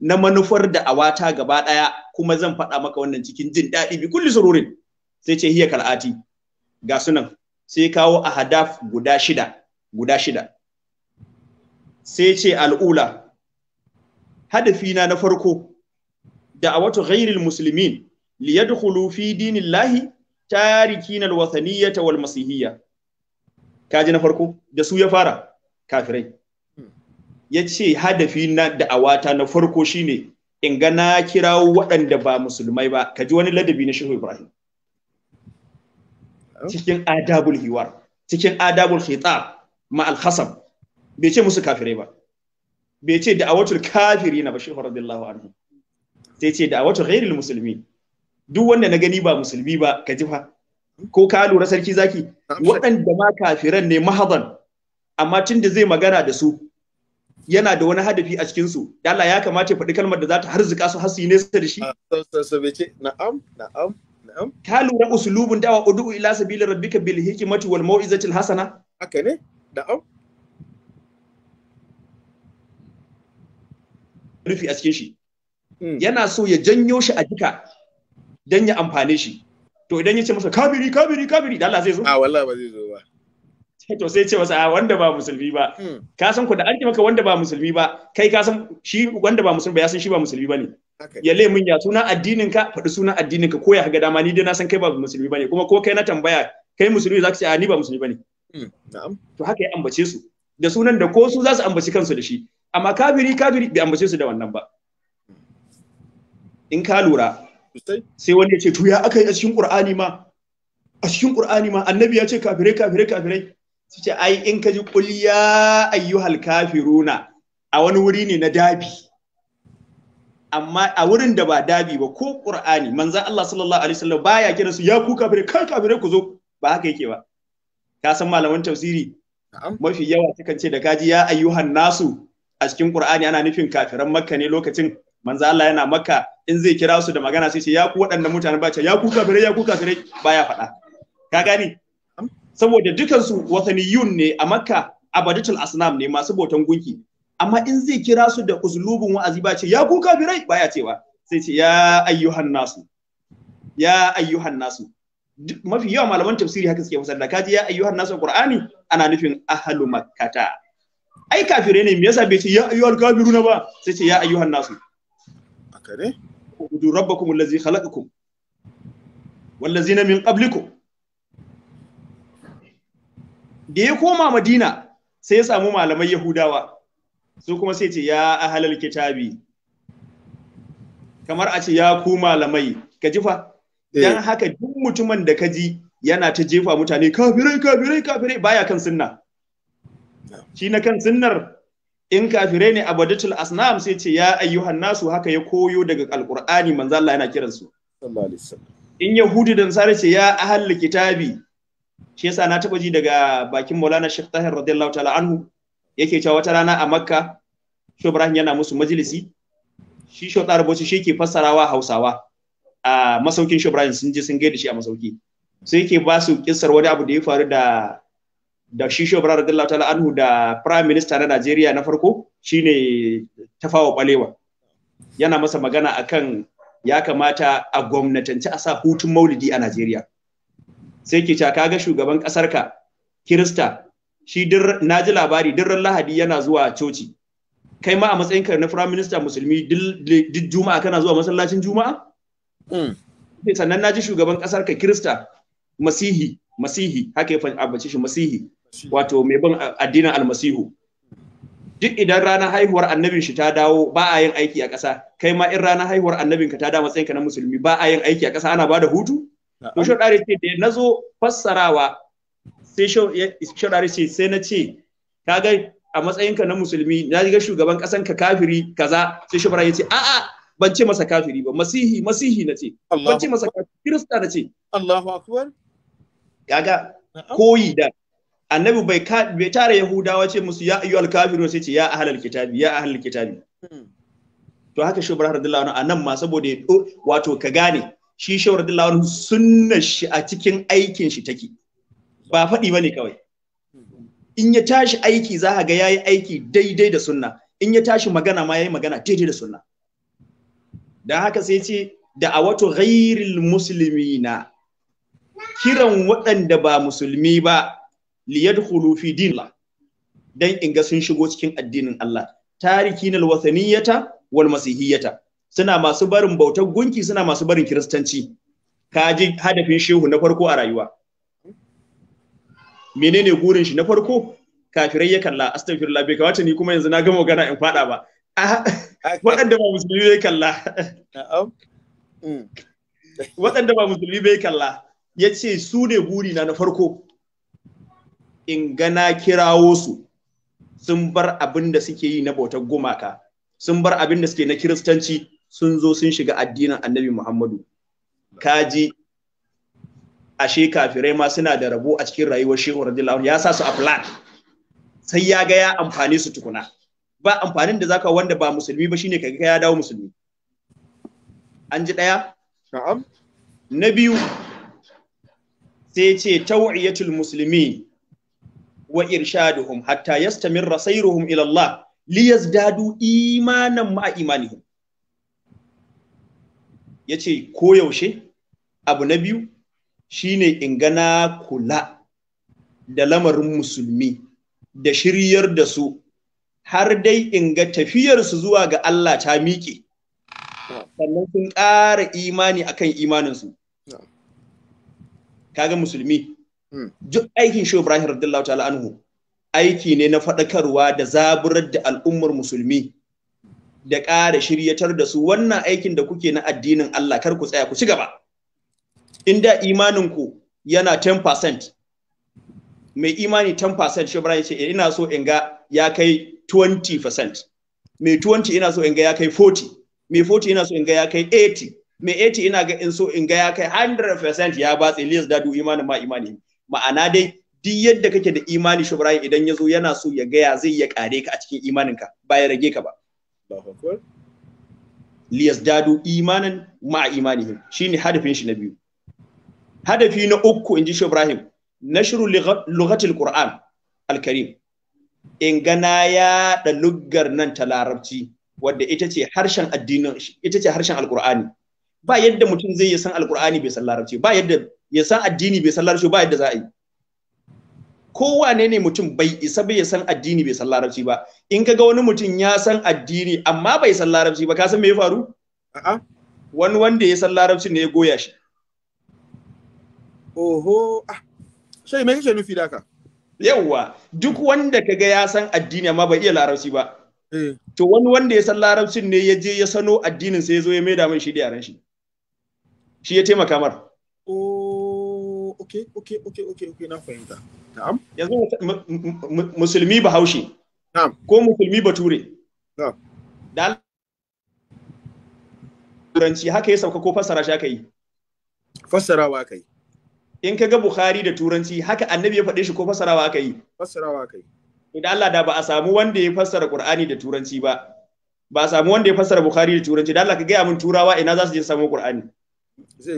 na manufar da awata gaba daya kuma zan faɗa maka wannan cikin jin daɗi bi kulli sururin sai ce hiya kal'ati ga sunan sai kawo ahadaf guda shida guda shida sai ce al'ula hadafina na farko da'awatu ghairil muslimin yadkhulu fi dinillahi tarikin alwathaniyata wal masihiyya kaji na farko da su ya fara kafirai yace hadafi na da'awata na farko shine in ga na kirawo waɗanda ba musulmai ba kaji wani ladabi na shehu ibrahim cikin adabul hiwar cikin adabul khita ma al bai ce musu kafirai ba bai ce da'awatul kafirina ba shehu radiyallahu anhu sai ce da wata ghairil musulmi duk wanda na gani ba musulmi ba ka ji fa ko ka lura sarki zaki waɗanda ma kafiran ne mahadan amma tun da zai magana da su yana da wani hadafi a cikin su Allah ya kamata ya faɗi kalmar da za ta harzuka su hasi nesa da shi ah, na'am na'am na'am ka lura usulubun dawa ud'u ila sabili rabbika bil hikmati wal mau'izati hasana haka ne na'am rufi a cikin shi Hmm. yana so ya janyo shi a jika don ya amfane shi to idan ya ce masa kabiri kabiri kabiri da Allah zai zo a wallah ba zai zo ba to sai ce masa wanda ba musulmi ba hmm. ka san ku da an maka wanda ba musulmi ba kai ka san shi wanda ba musulmi ba ya san shi ba musulmi ba ne ya le min ya suna addinin ka faɗi suna addinin ka ko ya ga dama ni dai na san kai ba musulmi bane kuma ko kai na tambaya kai musulmi zaka ce a ni ba musulmi bane hmm, na'am to haka ya ambace su da sunan da ko su za su ambaci kansu da shi amma kabiri kabiri, bai ambace su da wannan ba in ka lura sai wani ya ce to aka yi a cikin ƙur'ani ma a cikin ƙur'ani ma annabi ya ce kafirai kafirai kafirai su ce ai in ka ji qul ya kafiru kafiruna a wani wuri ne na dabi amma a wurin da ba dabi ba ko ƙur'ani manzan Allah sallallahu alaihi wasallam baya kira su ya ku kafirai kai kafirai ku zo ba haka yake ba ka san malaman tafsiri mafi yawa sukan ce da kaji ya ayyuhan nasu a cikin ƙur'ani ana nufin kafiran makka ne lokacin manzan Allah yana makka in zai kira su da magana sai ya ku waɗannan mutane ba ce ya ku kafirai ya ku kafirai baya faɗa ka gani saboda dukan su wataniyun ne a makka abadatul asnam ne masu botan gunki amma in zai kira su da uslubun wa'azi ba ce ya ku kafirai baya cewa sai ce ya ayyuhan nasu ya ayyuhan nasu mafi yawa malaman tafsiri haka suke musalla kaji ya ayyuhan nasu qur'ani ana nufin ahlu makkata ai kafirai ne me yasa bai ce ya ayyuhal kafiruna ba sai ce ya ayyuhan nasu akare ubudu rabbakum allazi khalaqakum wallazina min qablikum da ya koma Madina sai ya samu malamai Yahudawa su kuma sai ce ya ahlal kitabi kamar a ce ya ku malamai ka jifa eh. dan haka duk mutumin da ka ji yana ta jefa mutane kafirai kafirai kafirai baya kan sunna shi na kan sunnar in kafirai ne abadatul asnam sai ce ya ayyuhan nasu haka ya koyo daga Alkur'ani. manzo Allah yana kiransu sallallahu in yahudi da sare ce ya ahal kitabi shi yasa na taba ji daga bakin maulana shekh tahir radiyallahu ta'ala anhu yake cewa wata rana a makka shi ibrahim yana musu majalisi shi shi da shi yake fassarawa hausawa a masaukin shi ibrahim sun je sun gaida shi a masauki sai yake ba su kissar wani abu da ya faru da da shi Shehu da radiyallahu anhu da Prime Minister na Najeriya na farko shine Tafawa Balewa yana masa magana akan ya kamata a gwamnatance a sa hutun Maulidi a Najeriya sai ke ka ga shugaban kasar ka Kirista shi dir ji labari dirran Lahadi yana zuwa coci kai ma a matsayin ka na Prime Minister musulmi duk Juma'a kana zuwa masallacin Juma'a mm. sannan na ji shugaban kasar ka Kirista Masihi Masihi haka ya ambace shi Masihi wato mai bin addinin almasihu duk idan ranar haihuwar annabin shi ta dawo ba a yin aiki a ƙasa kai ma in ranar haihuwar annabin ka ta dawo matsayin ka na musulmi ba a yin aiki a ƙasa ana bada hutu to shi dare ce da nazo fassarawa sai shi dare ce sai na ce ga a matsayin ka na musulmi na ga shugaban ƙasan ka kafiri kaza sai shi yace a a'a ban ce masa kafiri ba masihi masihi na ce ban ce masa kafiri kirista na ce Allahu akbar kaga koyi da annabi bai bai yahudawa ce musu ya ayyuhal kafirun sai ce ya halal kitabi ya halal kitabi hmm. to haka shi da radiyallahu a nan ma saboda wato ka gane shi shi radiyallahu anhu sunnar shi a cikin aikin shi take ba faɗi ba ne kawai in ya tashi aiki za a ga ya yi aiki daidai da sunna in ya tashi magana ma ya yi magana daidai da sunna Da haka sai ce da a wato ghairil muslimina kiran waɗanda ba musulmi ba liyadkhulu fi dinillah dan in ga sun shigo cikin addinin Allah tarikin alwathaniyata wal masihiyata suna masu barin bautar gunki suna masu barin kiristanci kaji hadafin shehu na farko a rayuwa menene gurin shi na farko kafirai ya kalla astaghfirullah bai kawata ni kuma yanzu na gama magana in fada ba waɗanda ba musulmi bai kalla mm. waɗanda ba musulmi bai kalla ya ce su ne burina na farko in gana kirawo su sun bar abin da suke yi na bautar gumaka sun bar abin da suke na kiristanci sun zo sun shiga addinin annabi muhammadu kaji ashe kafirai ma suna da rabo a cikin rayuwar shehu radiyallahu ya sa su a plan sai ya ga ya amfani su tukuna ba amfanin da zaka wanda ba musulmi ba shine kaga ya dawo musulmi an ji daya na'am na biyu sai ce tawiyatul muslimin wa irshaduhum hatta yastamirra sayruhum ila Allah yazdadu imanan ma imanihim yace yaushe abu na biyu shine in gana kula da lamarin musulmi da shiryar da su har dai in ga su zuwa ga Allah ta miƙe sannan sun ƙara imani akan imaninsu kaga musulmi Hmm. duk aikin shi Ibrahim radiyallahu ta'ala anhu aiki ne na faɗakarwa da zaburar da al'ummar musulmi da ƙara shiryatar da su wannan aikin da kuke na addinin Allah kar ku tsaya ku ci gaba inda imanin ku yana 10% mai imani 10% shi Ibrahim ce eh, ina so in ga ya kai 20% mai 20 ina so in ga ya kai 40 mai 40 ina so in ga ya kai 80 mai 80 ina ga in so in ga ya kai 100% ya batse liyas dadu imanin ma imani ma'ana dai duk yadda kake da imani shubrayin idan ya zo yana so ya gaya zai ya kare ka a cikin imaninka ba ya rage ka ba liyas dadu imanan ma'a imanihim shine hadafin shi na biyu hadafi na uku inji shi Ibrahim nashru lughatil Qur'an al in gana ya da luggar nan ta larabci wadda ita ce harshen addinin ita ce harshen al ba yadda mutum zai san al bai san larabci ba yadda ya san addini bai san larabci ba yadda za a yi kowane ne mutum bai isa bai san addini bai san larabci ba in kaga wani mutum ya san addini amma bai san larabci ba ka san me ya faru a'a wani wanda ya san larabci ne ya goya shi oho ah sai me kake nufi da ka? yawwa duk wanda kaga ya san addini amma bai iya larabci ba eh. to wani wanda ya san larabcin ne ya je ya sano addinin sai ya zo ya maida min shi da yaran shi shi ya taimaka mar ok ok ok ok ok na fahimta na'am yanzu musulmi bahaushe na'am ko musulmi bature na'am da turanci haka ya sauka ko fassara shi haka yi fassarawa haka yi in ka ga bukhari da turanci haka annabi ya faɗe shi ko fassarawa haka yi fassarawa haka yi idan Allah da ba a samu wanda ya fassara qur'ani da turanci ba ba a samu wanda ya fassara bukhari da turanci da Allah ka gaya mun turawa ina za su je samu qur'ani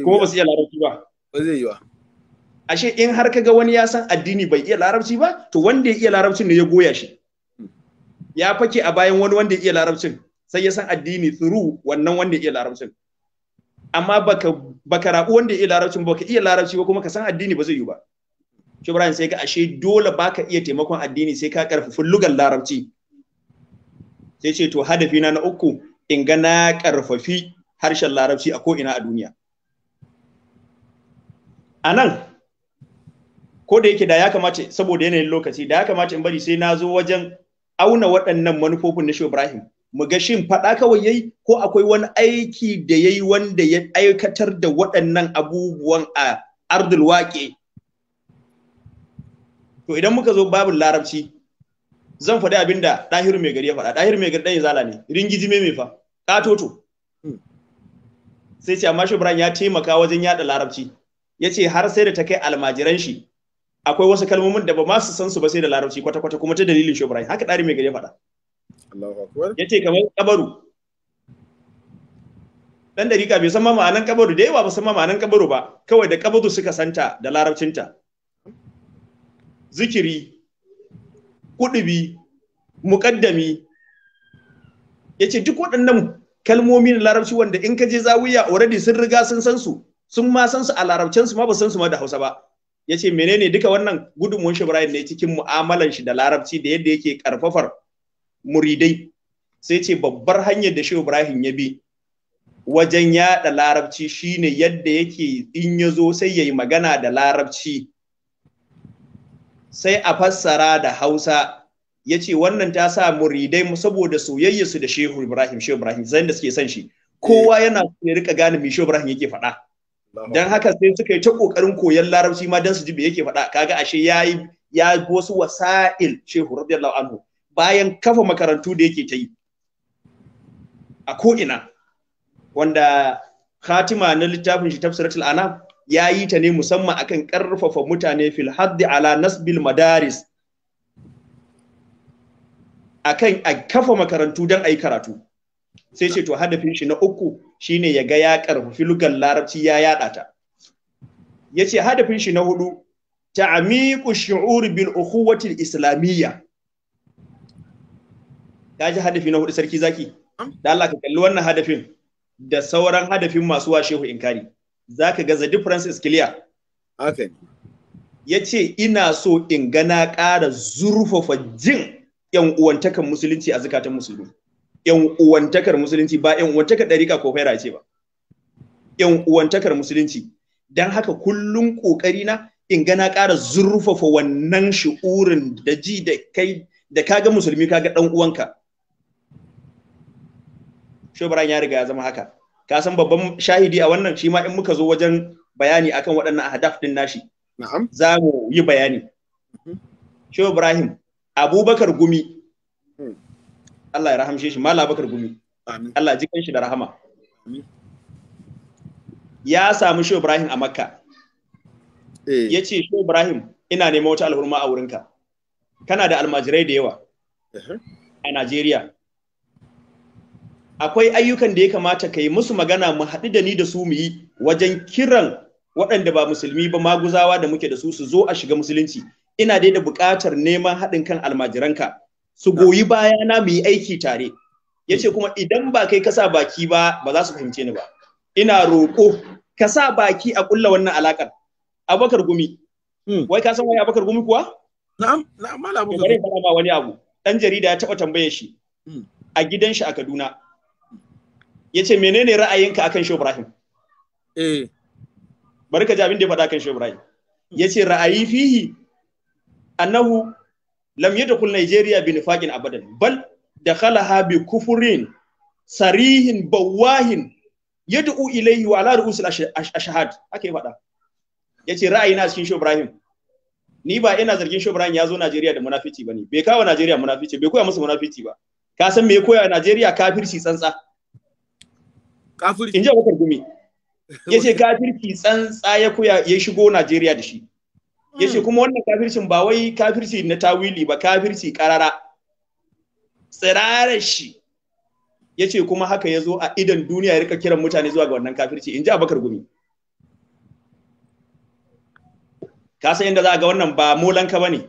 kuma ba su iya larabci ba ba zai yi ba ashe in har ga wani ya san addini bai iya larabci ba to wanda ya iya larabcin ne ya goya shi ya fake a bayan wani wanda ya iya larabcin sai ya san addini through wannan wanda ya iya larabcin amma baka baka rabu wanda ya iya larabcin baka iya larabci ba kuma ka san addini ba zai yi ba Ibrahim sai ka ashe dole baka iya taimakon addini sai ka karfafi lugar larabci sai ce to hadafi na na uku in ga na karfafi harshen larabci a ko ina a duniya a nan ko da yake da ya kamata saboda yanayin lokaci da ya kamata in bari sai na zo wajen auna waɗannan manufofin na Ibrahim mu ga shin faɗa kawai yayi ko akwai wani aiki da yayi wanda ya aikatar da waɗannan abubuwan a ardul waƙe to idan muka zo babin larabci zan faɗi abinda da mai gari ya faɗa ɗahiru mai gari dan zala ne ringiji mai fa ƙatoto sai ce amma Ibrahim ya taimaka wajen yada larabci yace har sai da ta kai almajiran shi akwai wasu kalmomin da ba ma su san su ba sai da larabci kwata kwata kuma ta dalilin shi Ibrahim haka dari mai gari ya faɗa kamar kabaru dan dariƙa bai san ma ma'anan kabaru da yawa ba san ma ma'anan kabaru ba kawai da kabaru suka santa da larabcinta zikiri kudubi muqaddami ce duk waɗannan kalmomi na larabci wanda in ka je zawiya already sun riga sun san su sun ma san su a larabcinsu su ma ba san su ma da Hausa ba ya ce menene duka wannan gudunmuwan shi Ibrahim ne cikin mu'amalan shi da larabci da yadda yake karfafar muridai sai ce babbar hanyar da shi ya bi wajen yada larabci shine yadda yake in ya zo sai ya yi magana da larabci sai a fassara da hausa ya ce wannan ta sa muridai saboda soyayyarsu da shehu ibrahim shehu ibrahim zai da suke son shi kowa yana so ya rika gane me shehu ibrahim yake faɗa dan haka sai suka yi ta ƙoƙarin koyon larabci ma dan su ji me yake faɗa kaga ashe yayi ya wasu wasa'il shehu radiyallahu anhu bayan kafa makarantu da yake ta yi a ko'ina, wanda khatima na littafin shi tafsiratul anam ya yi ta ne musamman akan karfafa mutane fil haddi ala nasbil madaris akan a kafa makarantu don a yi karatu sai ce to hadafin shi na uku shine ya ga ya karfafi larabci ya yada ta yace hadafin shi na hudu ta'miqu shu'ur bil ukhuwati al islamiyya kaji hadafi na hudu sarki zaki da Allah ka kalli wannan hadafin da sauran hadafin masu wa shehu inkari zaka ga the difference is clear okay yace ina so in gana ƙara zurfafa jin yan uwantakan musulunci a zakatan musulmi yan uwantakar musulunci ba yan uwantakar dariƙa ko faira ce ba yan uwantakar musulunci don haka kullum ƙoƙari na in na ƙara zurfafa wannan shi'urin da ji da kai da kaga musulmi kaga ɗan uwanka shobaran ya riga ya zama haka ka san babban shahidi a wannan shi ma in muka zo wajen bayani akan waɗannan ahdaf din nashi za mu yi bayani mhm. Shehu Ibrahim Abubakar Gumi Allah ya rahamshe shi Mala Bakar Gumi Allah ji shi da rahama ya samu Shehu Ibrahim a Makka eh. ya ce Shehu Ibrahim ina neman wata alhurma a wurinka kana da almajirai da yawa a Najeriya akwai ayyukan da ya kamata ka yi musu magana mu haɗu da ni da su mu yi wajen kiran waɗanda ba musulmi ba maguzawa da muke da su su zo a shiga musulunci ina dai da buƙatar neman haɗin kan almajiranka su goyi baya na mu yi aiki tare yace kuma idan ba kai kasa baki ba ba za su fahimce ni ba ina roƙo ka sa baki a ƙulla wannan alakar abakar gumi hmm. wai ka san wani abakar gumi kuwa na'am na'am malam abakar gumi bari ma wani abu dan jarida ya taba tambaye shi hmm. a gidan shi a Kaduna yace menene ra'ayinka akan Shehu Ibrahim eh bari ka ji abin da ya faɗa kan Shehu Ibrahim yace ra'ayi fihi annahu lam yadkhul Nigeria bi nifaqin abadan bal da dakhalaha bi kufurin, sarihin bawahin yad'u ilayhi wa ala ru'usil ashhad haka ya faɗa yace ra'ayina cikin Shobirahim. ni ba ina zargin Shobirahim ya zo Najeriya da munafici ne. bai kawo Najeriya munafici bai koya masa munafici ba ka san me ya koya Najeriya kafirci tsantsa kafirci a Abubakar Gumi yace kafirci tsantsa ya koya ya shigo Najeriya da shi yace mm. kuma wannan kafircin ba wai kafirci na tawili ba kafirci karara tsirarar shi yace kuma haka ya zo a idan duniya ya rika kiran mutane zuwa ga wannan kafirci in ji abakar gumi ka san inda za ga wannan ba molan ba ne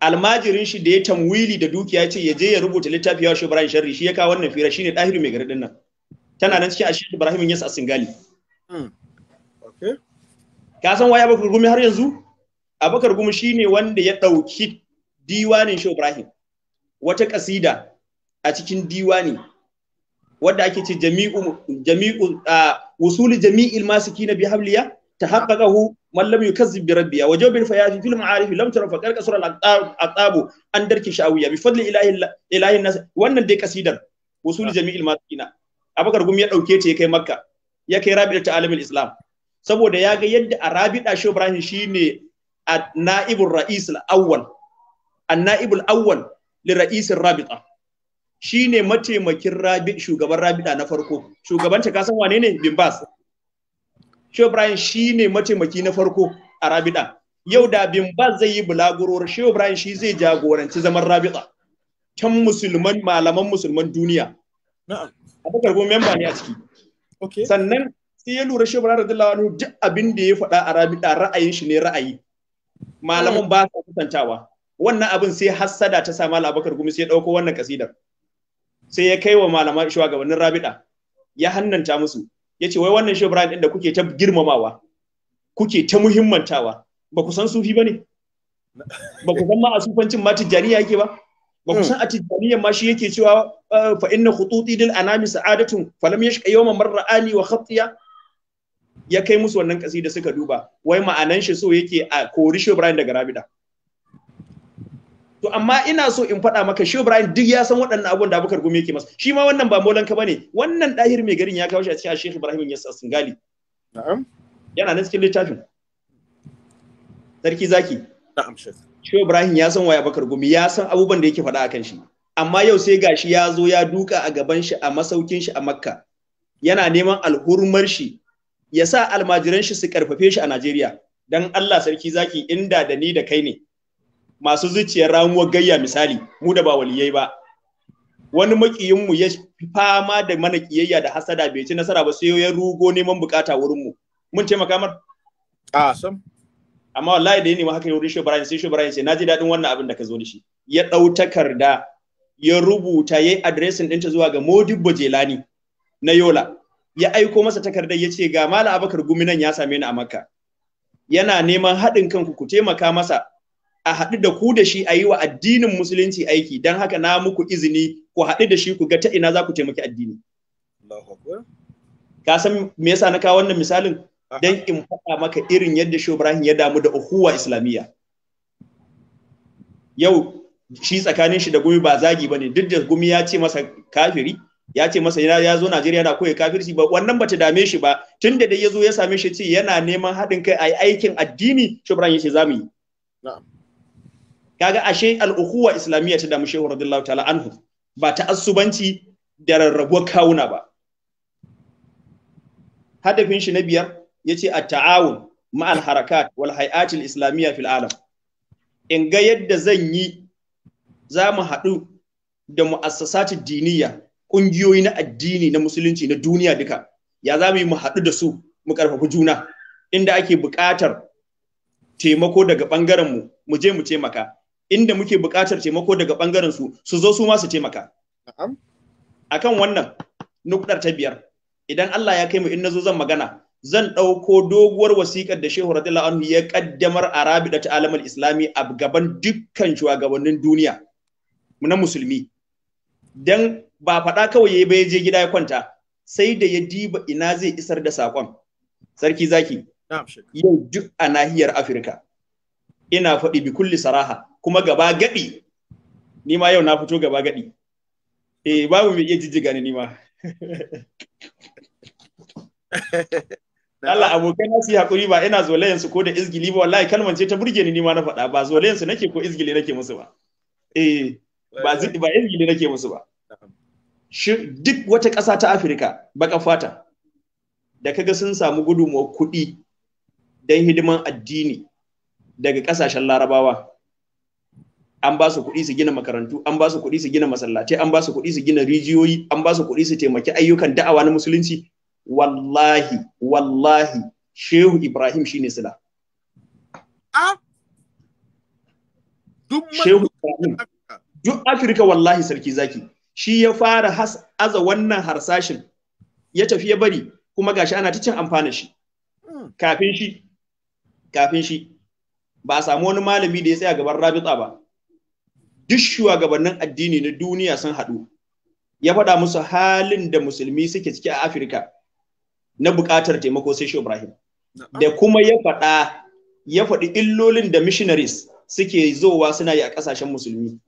almajirin shi da ya tamwili da dukiya ce ya je ya rubuta littafi ya shi Ibrahim Sharri shi ya kawo wannan fira shine dahiru mai garadin nan tana nan cikin ashirin Ibrahim yasa singali mm. ka san waye abakar gumi har yanzu abakar gumi shine wanda ya ɗauki diwanin shi ibrahim wata kasida a cikin diwani wadda ake ce jami'u jami'u usuli jami'il masikina bi habliya tahaqqaqahu man lam yukazzib bi rabbiya wa jawbil fayafi fil ma'arif lam tara fa karka al-aqabu an darki shawiya bi fadli ilahi ilahi nas wannan dai kasidar usuli jami'il masikina abakar gumi ya dauke ta ya kai makka ya kai ta Alamin islam saboda ya ga yadda a rabida shi Ibrahim shine na'ibul ra'is al-awwal an-na'ibul awwal li ra'is rabita shine mataimakin rabi shugaban rabida na farko shugabanta ka san wane ne bin bas shi Ibrahim shine mataimaki na farko a rabida yau da bin bas zai yi bulaguro shi Ibrahim shi zai jagoranci zaman rabita can musulman malaman musulman duniya na'am abubakar goma memba ne a ciki sannan sai ya lura shi bara da anhu duk abin da ya faɗa a Rabi'a ra'ayin shi ne ra'ayi malamin ba sa kusantawa wannan abin sai hassada ta sa malam Abubakar gumi sai ya dauko wannan kasidar sai ya kai wa malama shugabannin Rabida ya hannanta musu ya ce wai wannan shi Ibrahim da kuke ta girmamawa kuke ta muhimmantawa ba ku san sufi ba ne ba ku san ma a sufancin ma tijjaniya yake ba ba ku san a tijjaniyan ma shi yake cewa fa inna khututi dil anami sa'adatun falam yashqa yawman marra'ani mar'ani wa khatiya ya kai musu wannan da suka duba wai ma'anan shi so yake a kori Shehu Ibrahim daga Rabida to amma ina so in faɗa maka Shehu Ibrahim duk ya san waɗannan abun da Abubakar Gumi yake masa shi ma wannan ba molan ka bane wannan dahir mai garin ya kawo shi a cikin Shehu Ibrahim ya Singali na'am yana nan cikin littafin sarki zaki na'am Shehu Ibrahim ya san waye Abubakar Gumi ya san abubuwan da yake faɗa akan shi amma yau sai gashi ya zo ya duka a gaban shi a masaukin shi a Makka yana neman alhurmar shi ya sa almajiran shi su karfafe shi a Najeriya dan Allah sarki zaki inda da ni da kai ne masu zuciyar ramuwar gayya misali mu da ba waliyai ba wani makiyin mu ya fama da mana kiyayya da hasada bai ci nasara ba sai ya rugo neman bukata wurin mu mun ce makamar a sam amma wallahi da yini ma haka yau shi Ibrahim sai shi Ibrahim sai naji dadin wannan abin da ka zo da shi ya dau takarda ya rubuta yayi addressing ɗinta zuwa ga Modibbo Jelani na Yola ya aiko masa takardar ya ce ga mala abakar guminan ya same ni a makka yana neman haɗin kanku ku taimaka masa a haɗu da ku da shi a yi wa addinin musulunci aiki don haka na muku izini ku haɗu da shi ku ga ta ina za ku taimaki addini. Ka san me yasa na kawo wannan misalin? dan in faɗa maka irin yadda Shehu Ibrahim ya damu da uhuwa Islamiyya. Yau shi tsakanin shi da gumi ba zagi bane duk da gumi ya ce masa kafiri ya ce masa ya zo Najeriya na koyi kafirci ba wannan bata dame shi ba tunda da ya zo ya same shi ce yana neman haɗin kai a aikin addini shubran ya ce za mu yi kaga ashe al'ukuwa islamiyya ta damu shehu radiyallahu ta'ala anhu ba ta asubanci da rarrabuwar kawuna ba hadafin shi na biyar yace a taawun ma'al harakat wal hay'atil islamiyya fil alam in ga yadda zan yi za mu haɗu da mu'assasatin diniya ƙungiyoyi na addini na musulunci na duniya duka ya za mu yi mu haɗu da su mu ƙarfafi juna inda ake buƙatar taimako daga ɓangaren mu mu je mu taimaka inda muke buƙatar taimako daga ɓangaren su su zo su ma su taimaka akan wannan nukɗar ta biyar idan Allah ya kai mu in nazo zan magana zan ɗauko doguwar wasiƙar da Shehu radiyallahu anhu ya kaddamar a rabida ta alamar Islami a gaban dukkan shugabannin duniya na musulmi. Dan ba faɗa kawai ya bai je gida ya kwanta sai da ya diba ina zai isar da saƙon sarki zaki yau duk a nahiyar afirka ina faɗi bi kulli saraha kuma gaba gaɗi ni ma yau na fito gaba gaɗi eh babu mai iya jijjiga ni ma Allah abokai na su hakuri ba ina zolayen su ko da izgili ba wallahi kalman ce ta burge ni ma na faɗa ba zolayen su nake ko izgili nake musu ba eh ba izgili nake musu ba duk wata ƙasa ta Afirka baka fata da kaga sun samu gudunmuwar kuɗi don hidiman addini daga ƙasashen larabawa an ba su kuɗi su gina makarantu an ba su kuɗi su gina masallatai an ba su kuɗi su gina rijiyoyi an ba su kuɗi su taimaki ayyukan da'awa na musulunci wallahi wallahi shehu ibrahim shine sila ah! shehu ibrahim duk afirka wallahi sarki zaki shi ya fara aza wannan harsashin ya tafi ya bari kuma gashi ana ta cin amfana shi hmm. kafin shi kafin shi ba a samu wani malami da ya tsaya gaban rabita ba duk shugabannin addini na duniya sun haɗu ya faɗa musu halin da musulmi suke ciki a afirka na buƙatar taimako sai shi ibrahim da kuma ya faɗa ya faɗi illolin da missionaries suke zowa suna yi a ƙasashen musulmi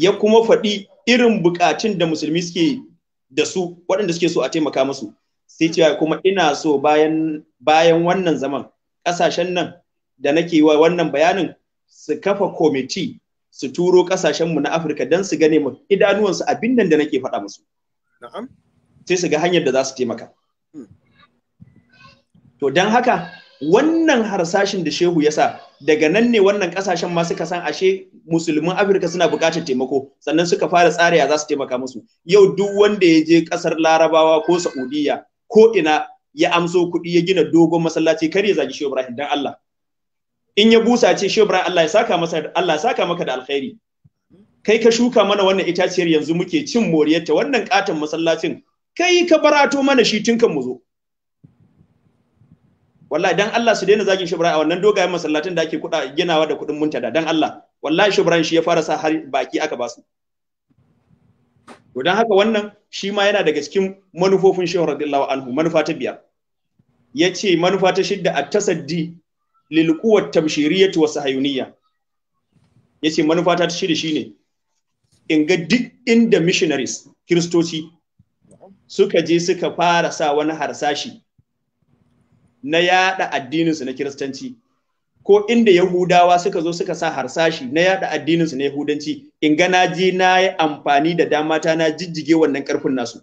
ya kuma faɗi irin bukatun da musulmi suke da su waɗanda suke so a taimaka musu sai cewa kuma ina so bayan bayan wannan zaman ƙasashen nan da nake wa wannan bayanin su kafa kwamiti su turo ƙasashen mu na afirka don su gane mu idanuwansu abin nan da nake faɗa musu sai su ga hanyar da za su taimaka hmm. to don haka wannan harsashin da shehu ya sa daga nan ne wannan kasashen ma suka san ashe musulmin afirka suna buƙatar taimako sannan suka fara tsari ya za su taimaka musu yau duk wanda ya je kasar larabawa ko saudiya ko ina ya amso kuɗi ya gina dogon masallaci kar ya zagi shehu ibrahim dan allah in ya busa ce shehu ibrahim allah ya saka masa allah ya saka maka da alkhairi kai ka shuka mana wannan itaciyar yanzu muke cin moriyarta wannan katon masallacin kai ka barato mana shi tun kan mu zo wallahi dan Allah su daina zagin shubrai a wannan dogayen masallatin da ake kuɗa ginawa da kuɗin muntada dan Allah wallahi shubrai shi ya fara sa har baki aka ba su to dan haka wannan shi ma yana daga cikin manufofin shehu radiyallahu anhu manufa ta biyar yace manufa ta shidda at-tasaddi lil quwwat tabshiriyyah wa sahayuniyyah yace manufa ta shida shine in ga duk inda missionaries kiristoci suka je suka fara sa wani harsashi na yada addininsu na kiristanci ko inda yahudawa suka zo suka sa harsashi na yada addininsu na yahudanci in ga na je na yi amfani da dama ta na jijjige wannan karfin nasu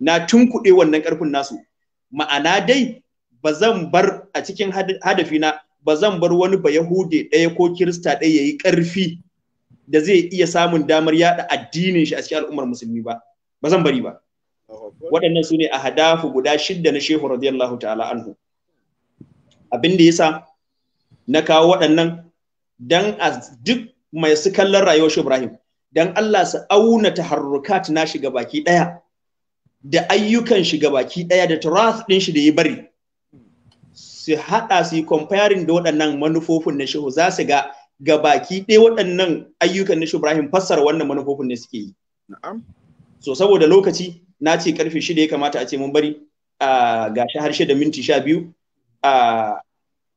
na tunkuɗe wannan karfin nasu ma'ana dai ba zan bar a cikin hadafina ba zan bar wani ba yahude ɗaya ko kirista ɗaya ya yi ƙarfi da zai iya samun damar yada addinin shi a cikin al'ummar musulmi ba ba zan bari ba waɗannan su ne a hadafu guda shidda na shehu radiyallahu ta'ala anhu abin da yasa na kawo waɗannan dan a duk mai su kallon rayuwar shi Ibrahim dan Allah su auna taharrukat na shiga baki ɗaya da ayyukan shiga baki ɗaya da turas ɗin shi da ya bari su haɗa su yi comparing da waɗannan manufofin na shehu za su ga ga baki ɗaya waɗannan ayyukan na Ibrahim fassara wannan manufofin ne suke yi. So saboda lokaci na ce karfe shida ya kamata a ce mun bari ga shi har shida minti sha biyu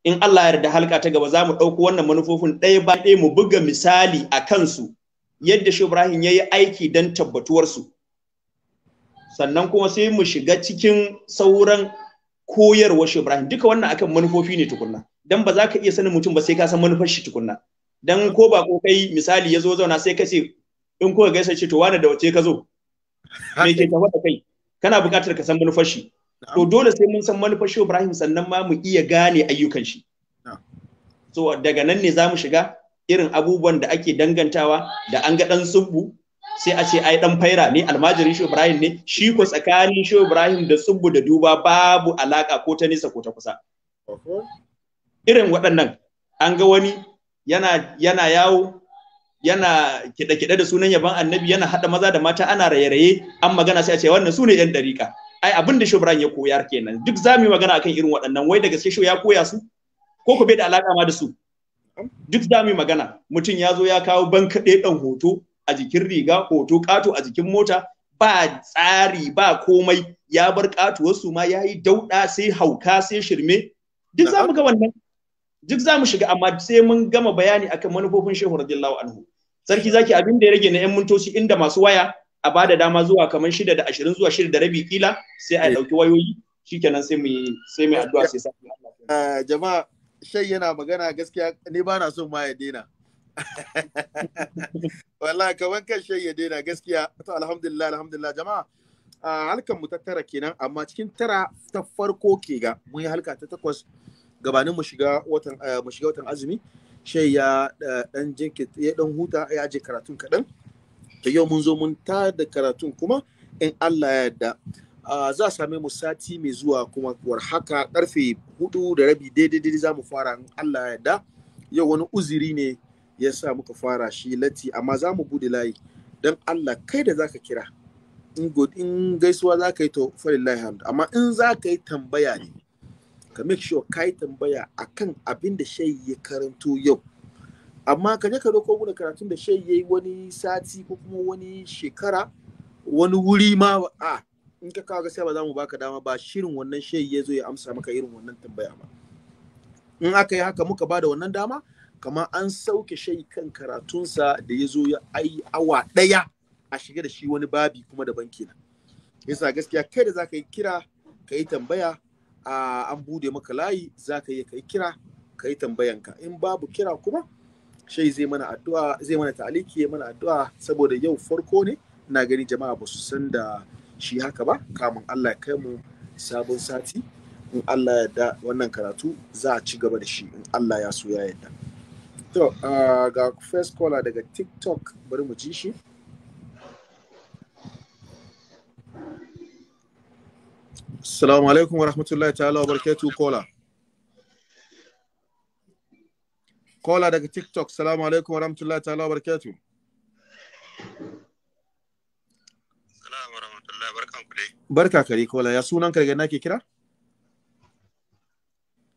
in Allah yarda halka ta gaba za mu ɗauko wannan manufofin ɗaya ba ɗaya mu buga misali a kansu yadda shi Ibrahim ya yi aiki don tabbatuwarsu sannan kuma sai mu shiga cikin sauran koyarwa, shi Ibrahim duka wannan akan manufofi ne tukunna dan ba za ka iya sanin mutum ba sai ka san manufar shi tukunna dan ko ba ko kai misali ya zo zauna sai ka ce in kuka gaisa ce to wane da wace ka zo me ke tafa da kai kana buƙatar ka san manufar shi to dole sai mun san manufar shi Ibrahim sannan ma mu iya gane ayyukan shi so daga nan ne za mu shiga irin abubuwan da ake dangantawa da an ga dan subbu sai a ce ai ɗan faira ne almajirin shi Ibrahim ne shi ko tsakanin shi Ibrahim da subbu da duba babu alaka ko ta nisa ko ta kusa irin waɗannan an ga wani yana yawo yana kiɗe-kiɗe da sunan yaban annabi yana haɗa maza da mata ana raye-raye an magana sai a ce wannan su ne yan ɗariƙa ai abin da shubran ya koya kenan duk za mu yi magana akan irin waɗannan wai daga sai ya koya su ko ku bai da alaƙa ma da su duk za mu magana mutum ya zo ya kawo ban kaɗe ɗan hoto a jikin riga hoto ƙato a jikin mota ba tsari ba komai ya bar wasu ma ya yi dauɗa sai hauka sai shirme duk za mu ga wannan duk za mu shiga amma sai mun gama bayani akan manufofin shehu radiyallahu anhu sarki zaki abin da ya rage na yan mintoci inda masu waya a bada dama zuwa kamar shida da ashirin zuwa shida da rabi kila sai a eh. ɗauki wayoyi shikenan sai mu sai mu addu'a sai sai eh, jama'a shai yana magana gaskiya ni ba na son ma ya daina wallahi kaman kan shai ya daina gaskiya to alhamdulillah alhamdulillah jama'a halkan mu ta tara kenan amma cikin tara ta farko ke ga mun yi halka ta takwas gabanin mu shiga watan eh, mu shiga watan azumi shai ya dan eh, jinkit ya dan huta ya je karatun kaɗan da yau mun zo mun ta da karatun kuma in Allah ya yarda ah, za a same mu sati mai zuwa kuma war haka karfe hudu da rabi daidai daidai za mu fara in Allah ya yarda yau wani uziri ne ya sa muka fara shi latti amma za mu bude layi don Allah kai da zaka kira in gaisuwa za ka yi to falillahi amma in za ka yi tambaya ne ka make sure ka yi tambaya a kan abin da shayi ya karanto yau amma ka je ka dauko guda karatun da shayi ya yi wani sati ko kuma wani shekara wani wuri ma a in ka kawo gaskiya ba za mu baka dama ba shirin wannan shayi ya zo ya amsa maka irin wannan tambaya ba in aka yi haka muka ba da wannan dama kamar an sauke shayi kan karatunsa da ya zo ya ai awa ɗaya a shiga da shi wani babi kuma daban kenan yasa gaskiya kai da za ka yi kira ka yi tambaya an bude maka layi za ka iya kai kira ka yi tambayanka in babu kira kuma shai zai mana addu'a zai mana ta'aliki ya mana addu'a saboda yau farko ne na gani jama'a ba su san da shi haka ba kamun Allah ya kai mu sabon sati in Allah ya da wannan karatu za a ci gaba da shi in Allah ya so ya yadda to ga first caller daga TikTok bari mu ji shi Assalamu alaikum wa rahmatullahi ta'ala wa barakatuh kola. Kola daga TikTok, salamu alaikum wa rahmatullahi ta'ala wa barakatuh. Salamu wa rahmatullahi Barka kare kola, ya sunan daga nake kira?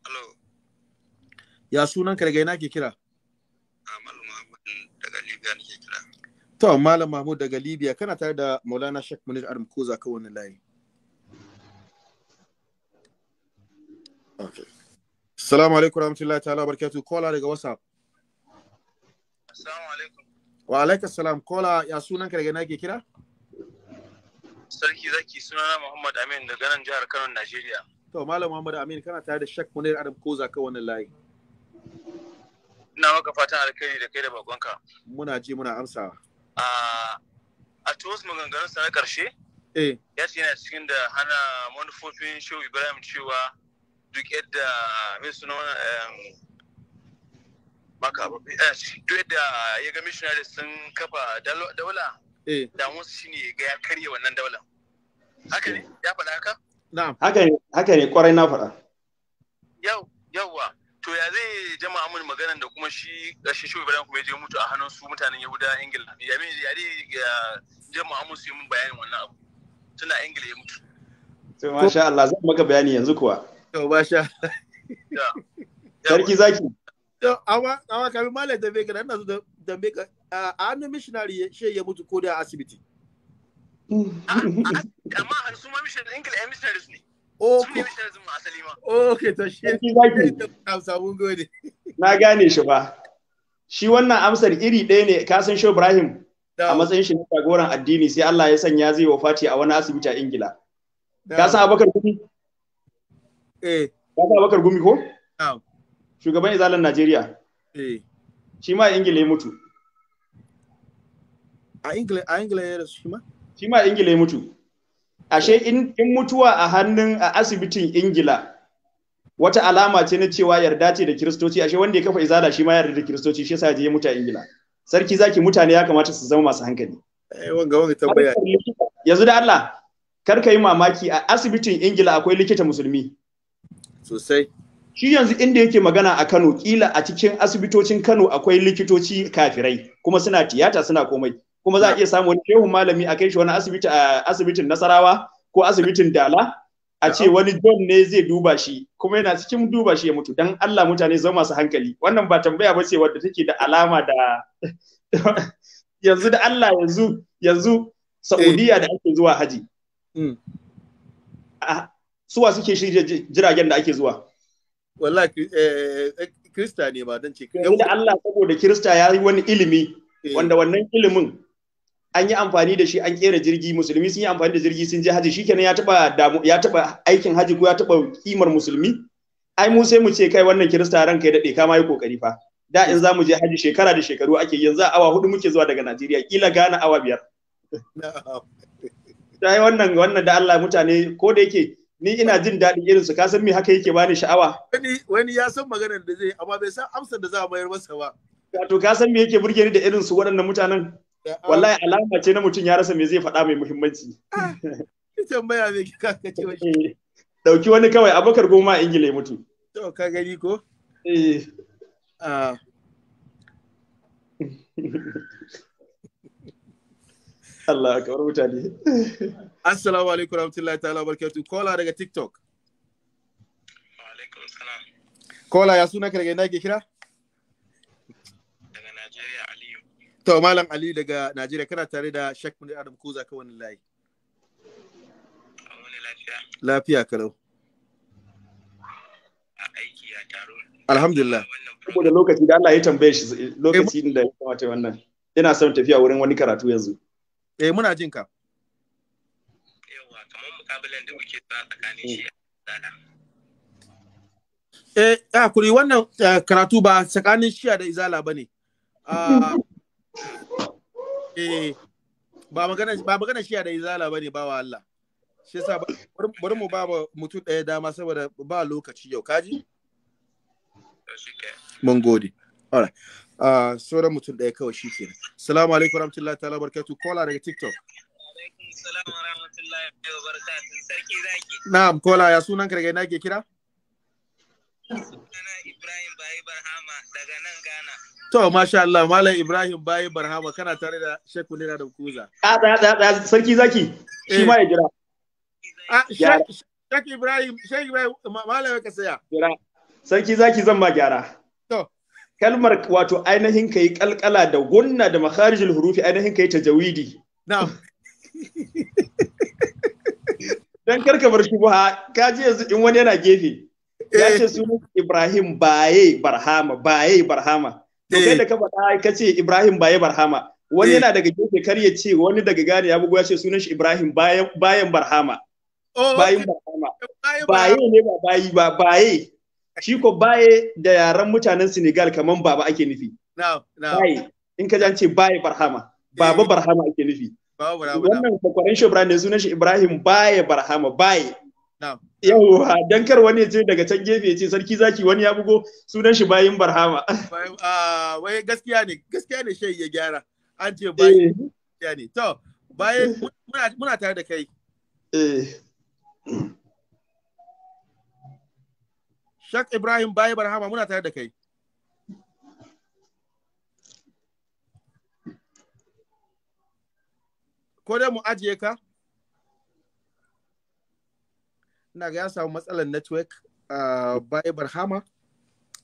Hello. Ya sunan daga nake kira? Amal ah, Muhammad daga Libya nake kira. To, Malam Mahmud daga Libya, kana tare da Maulana Sheikh Munir Armkuza kawai layi. Okay. Assalamu alaikum warahmatullahi ta'ala barakatuh. Kola daga WhatsApp. Assalamu alaikum. Wa alaikum salam. Kola ya sunan ka daga na ke kira? Sarki zaki sunana Muhammad Amin daga nan jihar Kano, Najeriya. To Malam Muhammad Amin kana tare da Sheikh Munir Adam Koza ka wannan layi. Ina maka fatan alkhairi da kai da bakonka. Muna ji muna amsa. A a tuwus maganganun sa na karshe? Eh. Ya ce yana cikin da hana manufofin Shehu Ibrahim cewa duk yadda misuna maka eh, duk yadda ya ga missionary sun kafa daula eh. damuwarsu ne ga ya karye wannan daula haka ne ya faɗa haka? haka ne haka ne kwarai na faɗa yau yauwa to ya zai jama amin magana da kuma shi shi shi ibrahim kuma ya je mutu a hannun su mutanen yahuda ingila ya min ya dai jama amin su yi min bayanin wannan abu tunda ingila ya mutu to masha Allah zan maka bayani yanzu kuwa To sha. Sarki zaki. da Vega ina da Vega a hannun missionary shi ya mutu ko da asibiti. Amma su ma missionary ya eh, ne. Oh, shi. Sarki zaki. gode. Na gane shi ba. Shi wannan amsar iri ɗaya ne kasan shi Ibrahim a matsayin shi na jagoran addini sai Allah ya sanya zai wafati a wani asibiti a Ingila. Ka san Abubakar Kuɗi? eh Baba Bakar Gumi ko shugaban izalan Najeriya eh shi ma Ingila ya mutu a Ingila a Ingila ya rasu shi ma shi ma Ingila ya mutu ashe in mutuwa a hannun a asibitin Ingila wata alama ce na cewa yarda ce da kiristoci ashe wanda ya kafa izala shi ma yarda da kiristoci shi yasa je muta ingila sarki zaki mutane ya kamata su zama masu hankali eh wanga wanga yanzu da Allah kar ka yi mamaki a asibitin ingila akwai likita musulmi sosai shi yanzu inda yake magana a Kano kila a cikin asibitocin Kano akwai likitoci kafirai kuma suna tiyata suna komai kuma za a iya samu wani shehun malami a kai shi wani asibiti a asibitin Nasarawa ko asibitin Dala a ce wani John ne zai duba shi kuma yana cikin duba shi ya mutu dan Allah mutane zama masu hankali wannan ba tambaya ba ce wadda take da alama da yanzu da Allah yanzu yanzu Saudiya eh. da ake zuwa haji mm. suwa suke shirya jiragen da ake zuwa wallahi krista eh, eh, ne ba don ce da Allah saboda krista ya yi wani ilimi eh. wanda wannan ilimin an yi amfani da shi an kera jirgi musulmi sun yi amfani da jirgi sun je haji kenan ya taba ya taba aikin haji ko ya taba kimar musulmi ai mu sai mu ce kai wannan kirista ran kai dade ka ma yi kokari fa da in za mu je haji shekara da shekaru ake yanzu awa hudu muke zuwa daga Najeriya kila gana awa biyar ta yi wannan wannan da Allah mutane ko da yake ni ina jin daɗin irin su kasan me haka yake bani sha'awa wani wani ya san maganar da zai amma bai san amsar da za a bayar masa ba to ka san me yake burge ni da irin su waɗannan mutanen ah. wallahi alama ce na mutum ya rasa me zai faɗa mai muhimmanci ah, tambaya me ka ka ce wani dauki eh, wani kawai abakar goma ingila mutu to ka gani ko eh ah. Allah ka mutane Assalamu alaikum rahmatullahi ta'ala wa barkatu. Kola daga TikTok. Alaikum salam. Kola ya suna ka daga ina ke kira? Daga Najeriya Aliyu. To Malam Ali daga Najeriya kana tare da Sheikh Munir Adam Kuza ka wani layi. Wani lafiya. Lafiya kalau. A aiki ya taro. Alhamdulillah. Saboda lokaci da Allah ya tambaye shi lokaci eh, da ya kamata wannan. Ina son tafiya wurin wani karatu yanzu. Eh muna jin ka. mukabalan da muke tsara tsakanin shi izala. eh ya kuri wannan eh, karatu ba tsakanin shiya da izala ba ah, eh ba magana ba magana shiya da izala bane ba wa Allah shi yasa bari mu ba mutu ɗaya dama saboda ba lokaci yau kaji mun gode alright ah, sauran mutum ɗaya kawai shi kenan assalamu alaikum warahmatullahi ta'ala barkatu kola daga tiktok Assalamu Sarki zaki. Na'am, kola ya sunan kirge na ke kira? Sunana Ibrahim Bayi Barhama daga nan Ghana. To, masha Allah, Malam Ibrahim Bayi Barhama kana tare da Sheku Nira da Kuza. A da da da sarki zaki. Shi eh. ma ya jira. Ah, A Sheku Ibrahim, Sheku Ibrahim Malam ka saya. Jira. Sarki zaki zan ba gyara. To. Kalmar wato ainihin kai kalkala da gunna da makharijul hurufi ainihin kai tajawidi. Na'am. Don karka bar shi buha, ka ji yanzu in wani yana gefe. Ya eh. ce sunan Ibrahim baye Barhama, baye Barhama. To kai eh. da ka faɗa ka ce Ibrahim baye Barhama. Wani eh. yana daga gefe kar ya ce wani daga gane ya bugu ya ce sunan shi Ibrahim bayan Barhama. Oh, bayan Barhama. Baye ne ba bayi ba, baye. Shi ko baye da yaran mutanen Senegal kaman baba ake nufi. Baye. In ka ce baye Barhama. Baba Barhama ake nufi. Wannan kwakwaran shi Ibrahim sunan shi Ibrahim baya barhama baya. Yawwa don kar wani ya ce daga can gefe ce sarki zaki wani ya bugo sunan shi bayin barhama. Ah, wai gaskiya ne gaskiya ne shi ya gyara. An ce eh. bayin gaskiya ne. To bayan muna tare da kai. Eh. Shak Ibrahim bayi barhama muna tare da kai. ko dai mu ajiye ka ina ga ya samu matsalar network bai barhama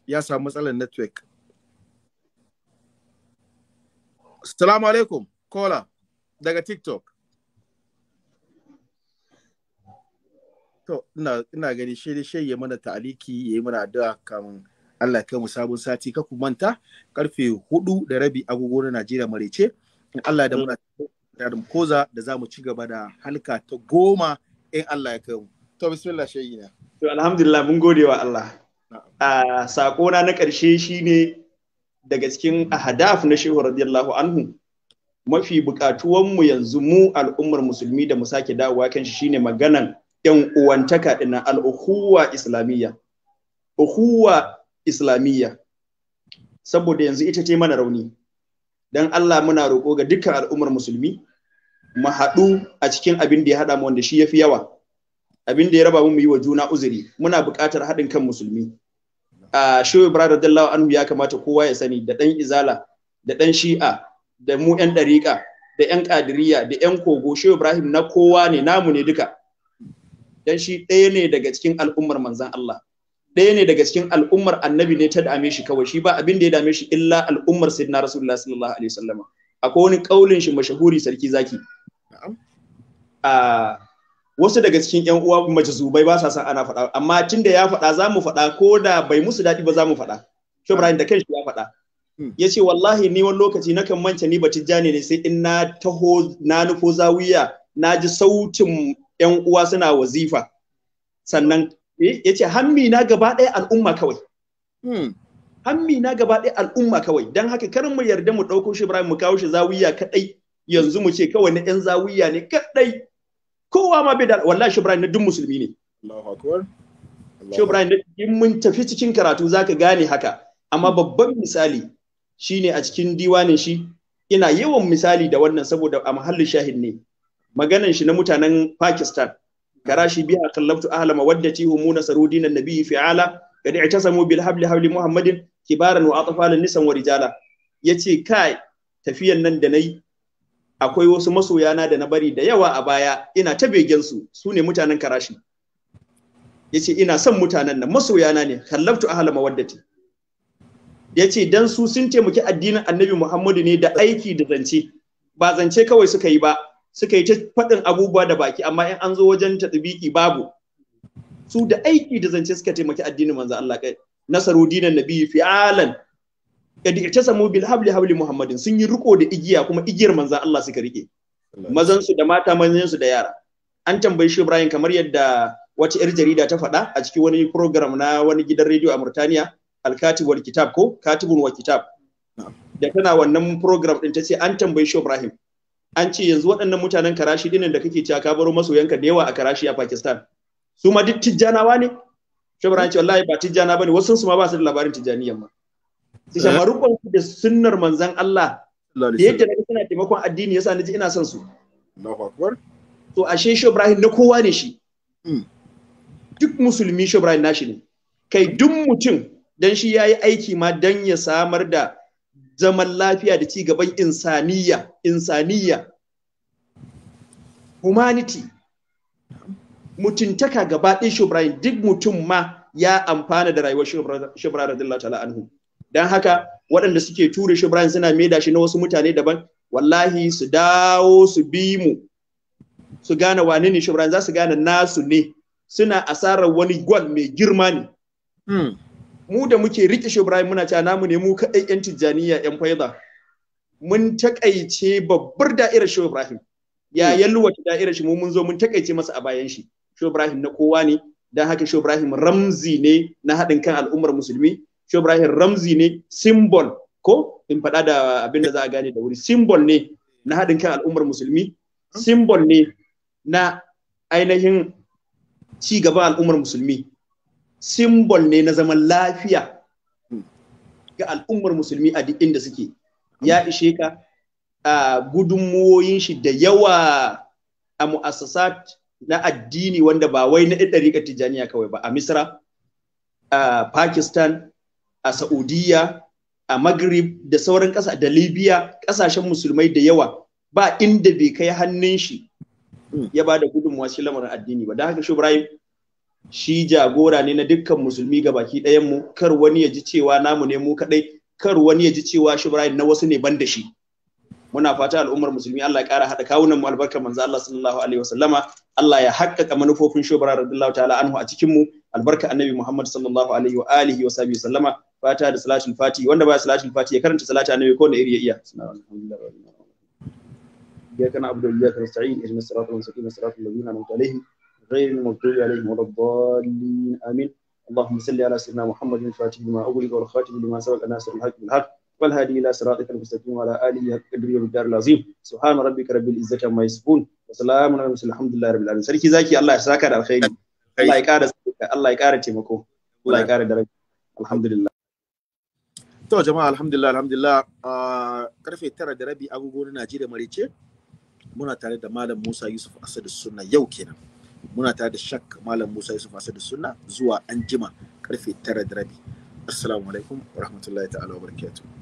ya samu matsalar network Assalamu alaikum kola daga tiktok to ina gani shi shi ya mana ta'aliki ya yi mana addu'a kan Allah kai mu sabon sati ka ku manta karfe hudu da rabi agogo na Najeriya marece in Allah da muna Adam Koza da za mu ci gaba da halka ta goma in Allah ya kai mu. To bismillah shayi na. To alhamdulillah mun gode wa Allah. A sakona na ƙarshe shi ne daga cikin ahadaf na Shehu radiyallahu anhu mafi buƙatuwanmu yanzu mu al'ummar musulmi da mu sake dawowa kan shi shine maganan yan uwantaka ɗina al'uhuwa islamiyya. Uhuwa islamiyya. Saboda yanzu ita ce mana rauni. Dan Allah muna roƙo ga dukkan al'ummar musulmi mu haɗu a cikin abin da ya haɗa mu wanda shi ya fi yawa abin da ya raba mu yi wa juna uzuri muna buƙatar haɗin kan musulmi a shehu ibrahim radallahu anhu ya kamata kowa ya sani da ɗan izala da ɗan shi'a da mu yan ɗariƙa da yan ƙadiriya da yan kogo shehu ibrahim na kowa ne namu ne duka dan shi ɗaya ne daga cikin al'ummar manzan Allah ɗaya ne daga cikin al'ummar annabi ne ta dame shi kawai shi ba abin da ya dame shi illa al'ummar sayyidina rasulullahi sallallahu alaihi wasallam akwai wani kaulin shi mashahuri sarki zaki wasu daga cikin yan uwa mace zubai ba sa san ana faɗa amma tun da ya faɗa za mu faɗa ko da bai musu daɗi ba za mu faɗa shi Ibrahim da kanshi ya faɗa hmm. ya ce wallahi ni wani lokaci na kan manta ni batijjani ne sai in na taho na nufo zawiya na ji sautin yan uwa suna wazifa sannan eh, ya ce hammi na gaba ɗaya al'umma kawai hmm. hammi na gaba ɗaya al'umma kawai don haka karin mu yarda mu ɗauko shi Ibrahim mu kawo shi zawiya kaɗai yanzu mu ce kawai na yan zawiya ne kadai kowa ma bai da wallahi Ibrahim na duk musulmi ne Allahu akbar in mun tafi cikin karatu zaka gane haka amma hmm. babban misali shine a cikin diwanin shi ina yawan misali da wannan saboda a mahallin shahid ne maganan shi na mutanen Pakistan karashi hmm. biya kallabtu ahla mawaddati humuna sarudin annabi fi'ala kadi i'tasamu bil habli habli muhammadin kibaran wa atfalan nisan wa rijala yace kai tafiyan nan da nayi akwai wasu masoyana da na bari da yawa a baya ina ta begen su su ne mutanen karashi yace ina son mutanen nan masoyana ne kallabtu ahla mawaddati yace dan su sun taimaki addinin annabi Muhammadu ne da aiki da zance ba zance kawai suka yi ba suka yi ta faɗin abubuwa da baki amma in an zo wajen tadbiki babu su da aiki da zance suka taimaki addinin manzo Allah kai nasaru dinan nabiyyi fi'alan kad i'tasamu bil habli habli muhammadin sun yi riko da igiya kuma igiyar manzon Allah suka rike mazan su da mata manzan su da yara an tambayi shi Ibrahim kamar yadda wata yar jarida ta faɗa a cikin wani program na wani gidan rediyo a Murtaniya al wal kitab ko katibun wa kitab da tana wannan program din ta ce an tambayi shi Ibrahim an ce yanzu waɗannan mutanen Karashi dinin da kake cewa ka baro masoyanka da yawa a Karashi a Pakistan su ma duk tijjanawa ne Shi Ibrahim ce wallahi ba tijjana bane wasu su ma ba su da labarin tijjaniyan ma su shafa rukun da sunnar manzan Allah da yadda na suna taimakon addini yasa na ji ina son su to ashe shi Ibrahim na kowa ne shi hmm. duk musulmi shi Ibrahim nashi ne kai duk mutum dan shi yayi aiki ma dan ya samar da zaman lafiya da ci gaban insaniya insaniya humanity mutuntaka gaba ɗin Ibrahim duk mutum ma ya amfana da rayuwar Shubra radiyallahu ta'ala anhu dan haka waɗanda suke ture shi Brian suna maida shi na wasu mutane daban wallahi su dawo su bi mu su gane wane ne shi za su gane nasu ne suna asarar wani gwal mai girma ne hmm. mu da muke riƙe shi Brian muna cewa namu ne mu kaɗai yan tijjaniya yan faida mun takaice babbar da'irar shi Ibrahim ya hmm. yalwata da'irar shi mu mun zo mun takaice masa a bayan shi shi Ibrahim na kowa ne dan haka shi Ibrahim ramzi ne na haɗin kan al'ummar musulmi shi Ibrahim ramzi ne simbol ko in faɗa da abin da za a gane da wuri simbol ne na haɗin kan al'ummar musulmi Simbol ne na ainihin ci gaban al'ummar musulmi Simbol ne na zaman lafiya ga al'ummar musulmi a duk inda suke ya ishe ka a gudunmuwoyin shi da yawa a mu'assasat na addini wanda ba wai na ɗariƙar tijaniya kawai ba a misra a pakistan a Saudiya, a Maghrib da sauran ƙasa da Libya, ƙasashen musulmai da yawa ba inda bai kai hannun shi ya ba da gudunmuwa shi lamarin addini ba. Da haka Ibrahim shi jagora ne na dukkan musulmi ga baki ɗayanmu, kar wani ya ji cewa namu ne mu kaɗai kar wani ya ji cewa Ibrahim na wasu ne ban da shi. muna fata al'ummar musulmi Allah ya kara haɗa kawunan mu albarka manzo Allah sallallahu alaihi wasallama Allah ya haƙƙaƙa manufofin shobara radiyallahu ta'ala anhu a cikin mu albarka annabi Muhammad sallallahu alaihi wa alihi wa sallama fata da salatin fati wanda ba salatin fati ya karanta salati annabi ko na iri ya iya إياك نعبد وإياك نستعين اهدنا الصراط المستقيم صراط الذين أنعمت عليهم غير المغضوب عليهم ولا الضالين آمين اللهم صل على سيدنا محمد الفاتح لما أغلق والخاتم لما سبق الناصر الحق بالحق والهادي إلى صراطك المستقيم وعلى آله حق قدره والدار العظيم سبحان ربك رب العزة عما يصفون وسلام على المرسلين الحمد لله رب العالمين سركي زاكي الله يساك على الخير الله يكارك الله يكارك تيمكو الله يكارك درجة الحمد لله To jama'a alhamdulillah alhamdulillah uh, karfe tara da rabi agogo na Najeriya Marice muna tare da Malam Musa Yusuf Asadu Sunna yau kenan. Muna tare da Shak Malam Musa Yusuf Asadu Sunna zuwa anjima karfe tara da rabi. Assalamu alaikum wa rahmatullahi ta'ala wa barakatuh.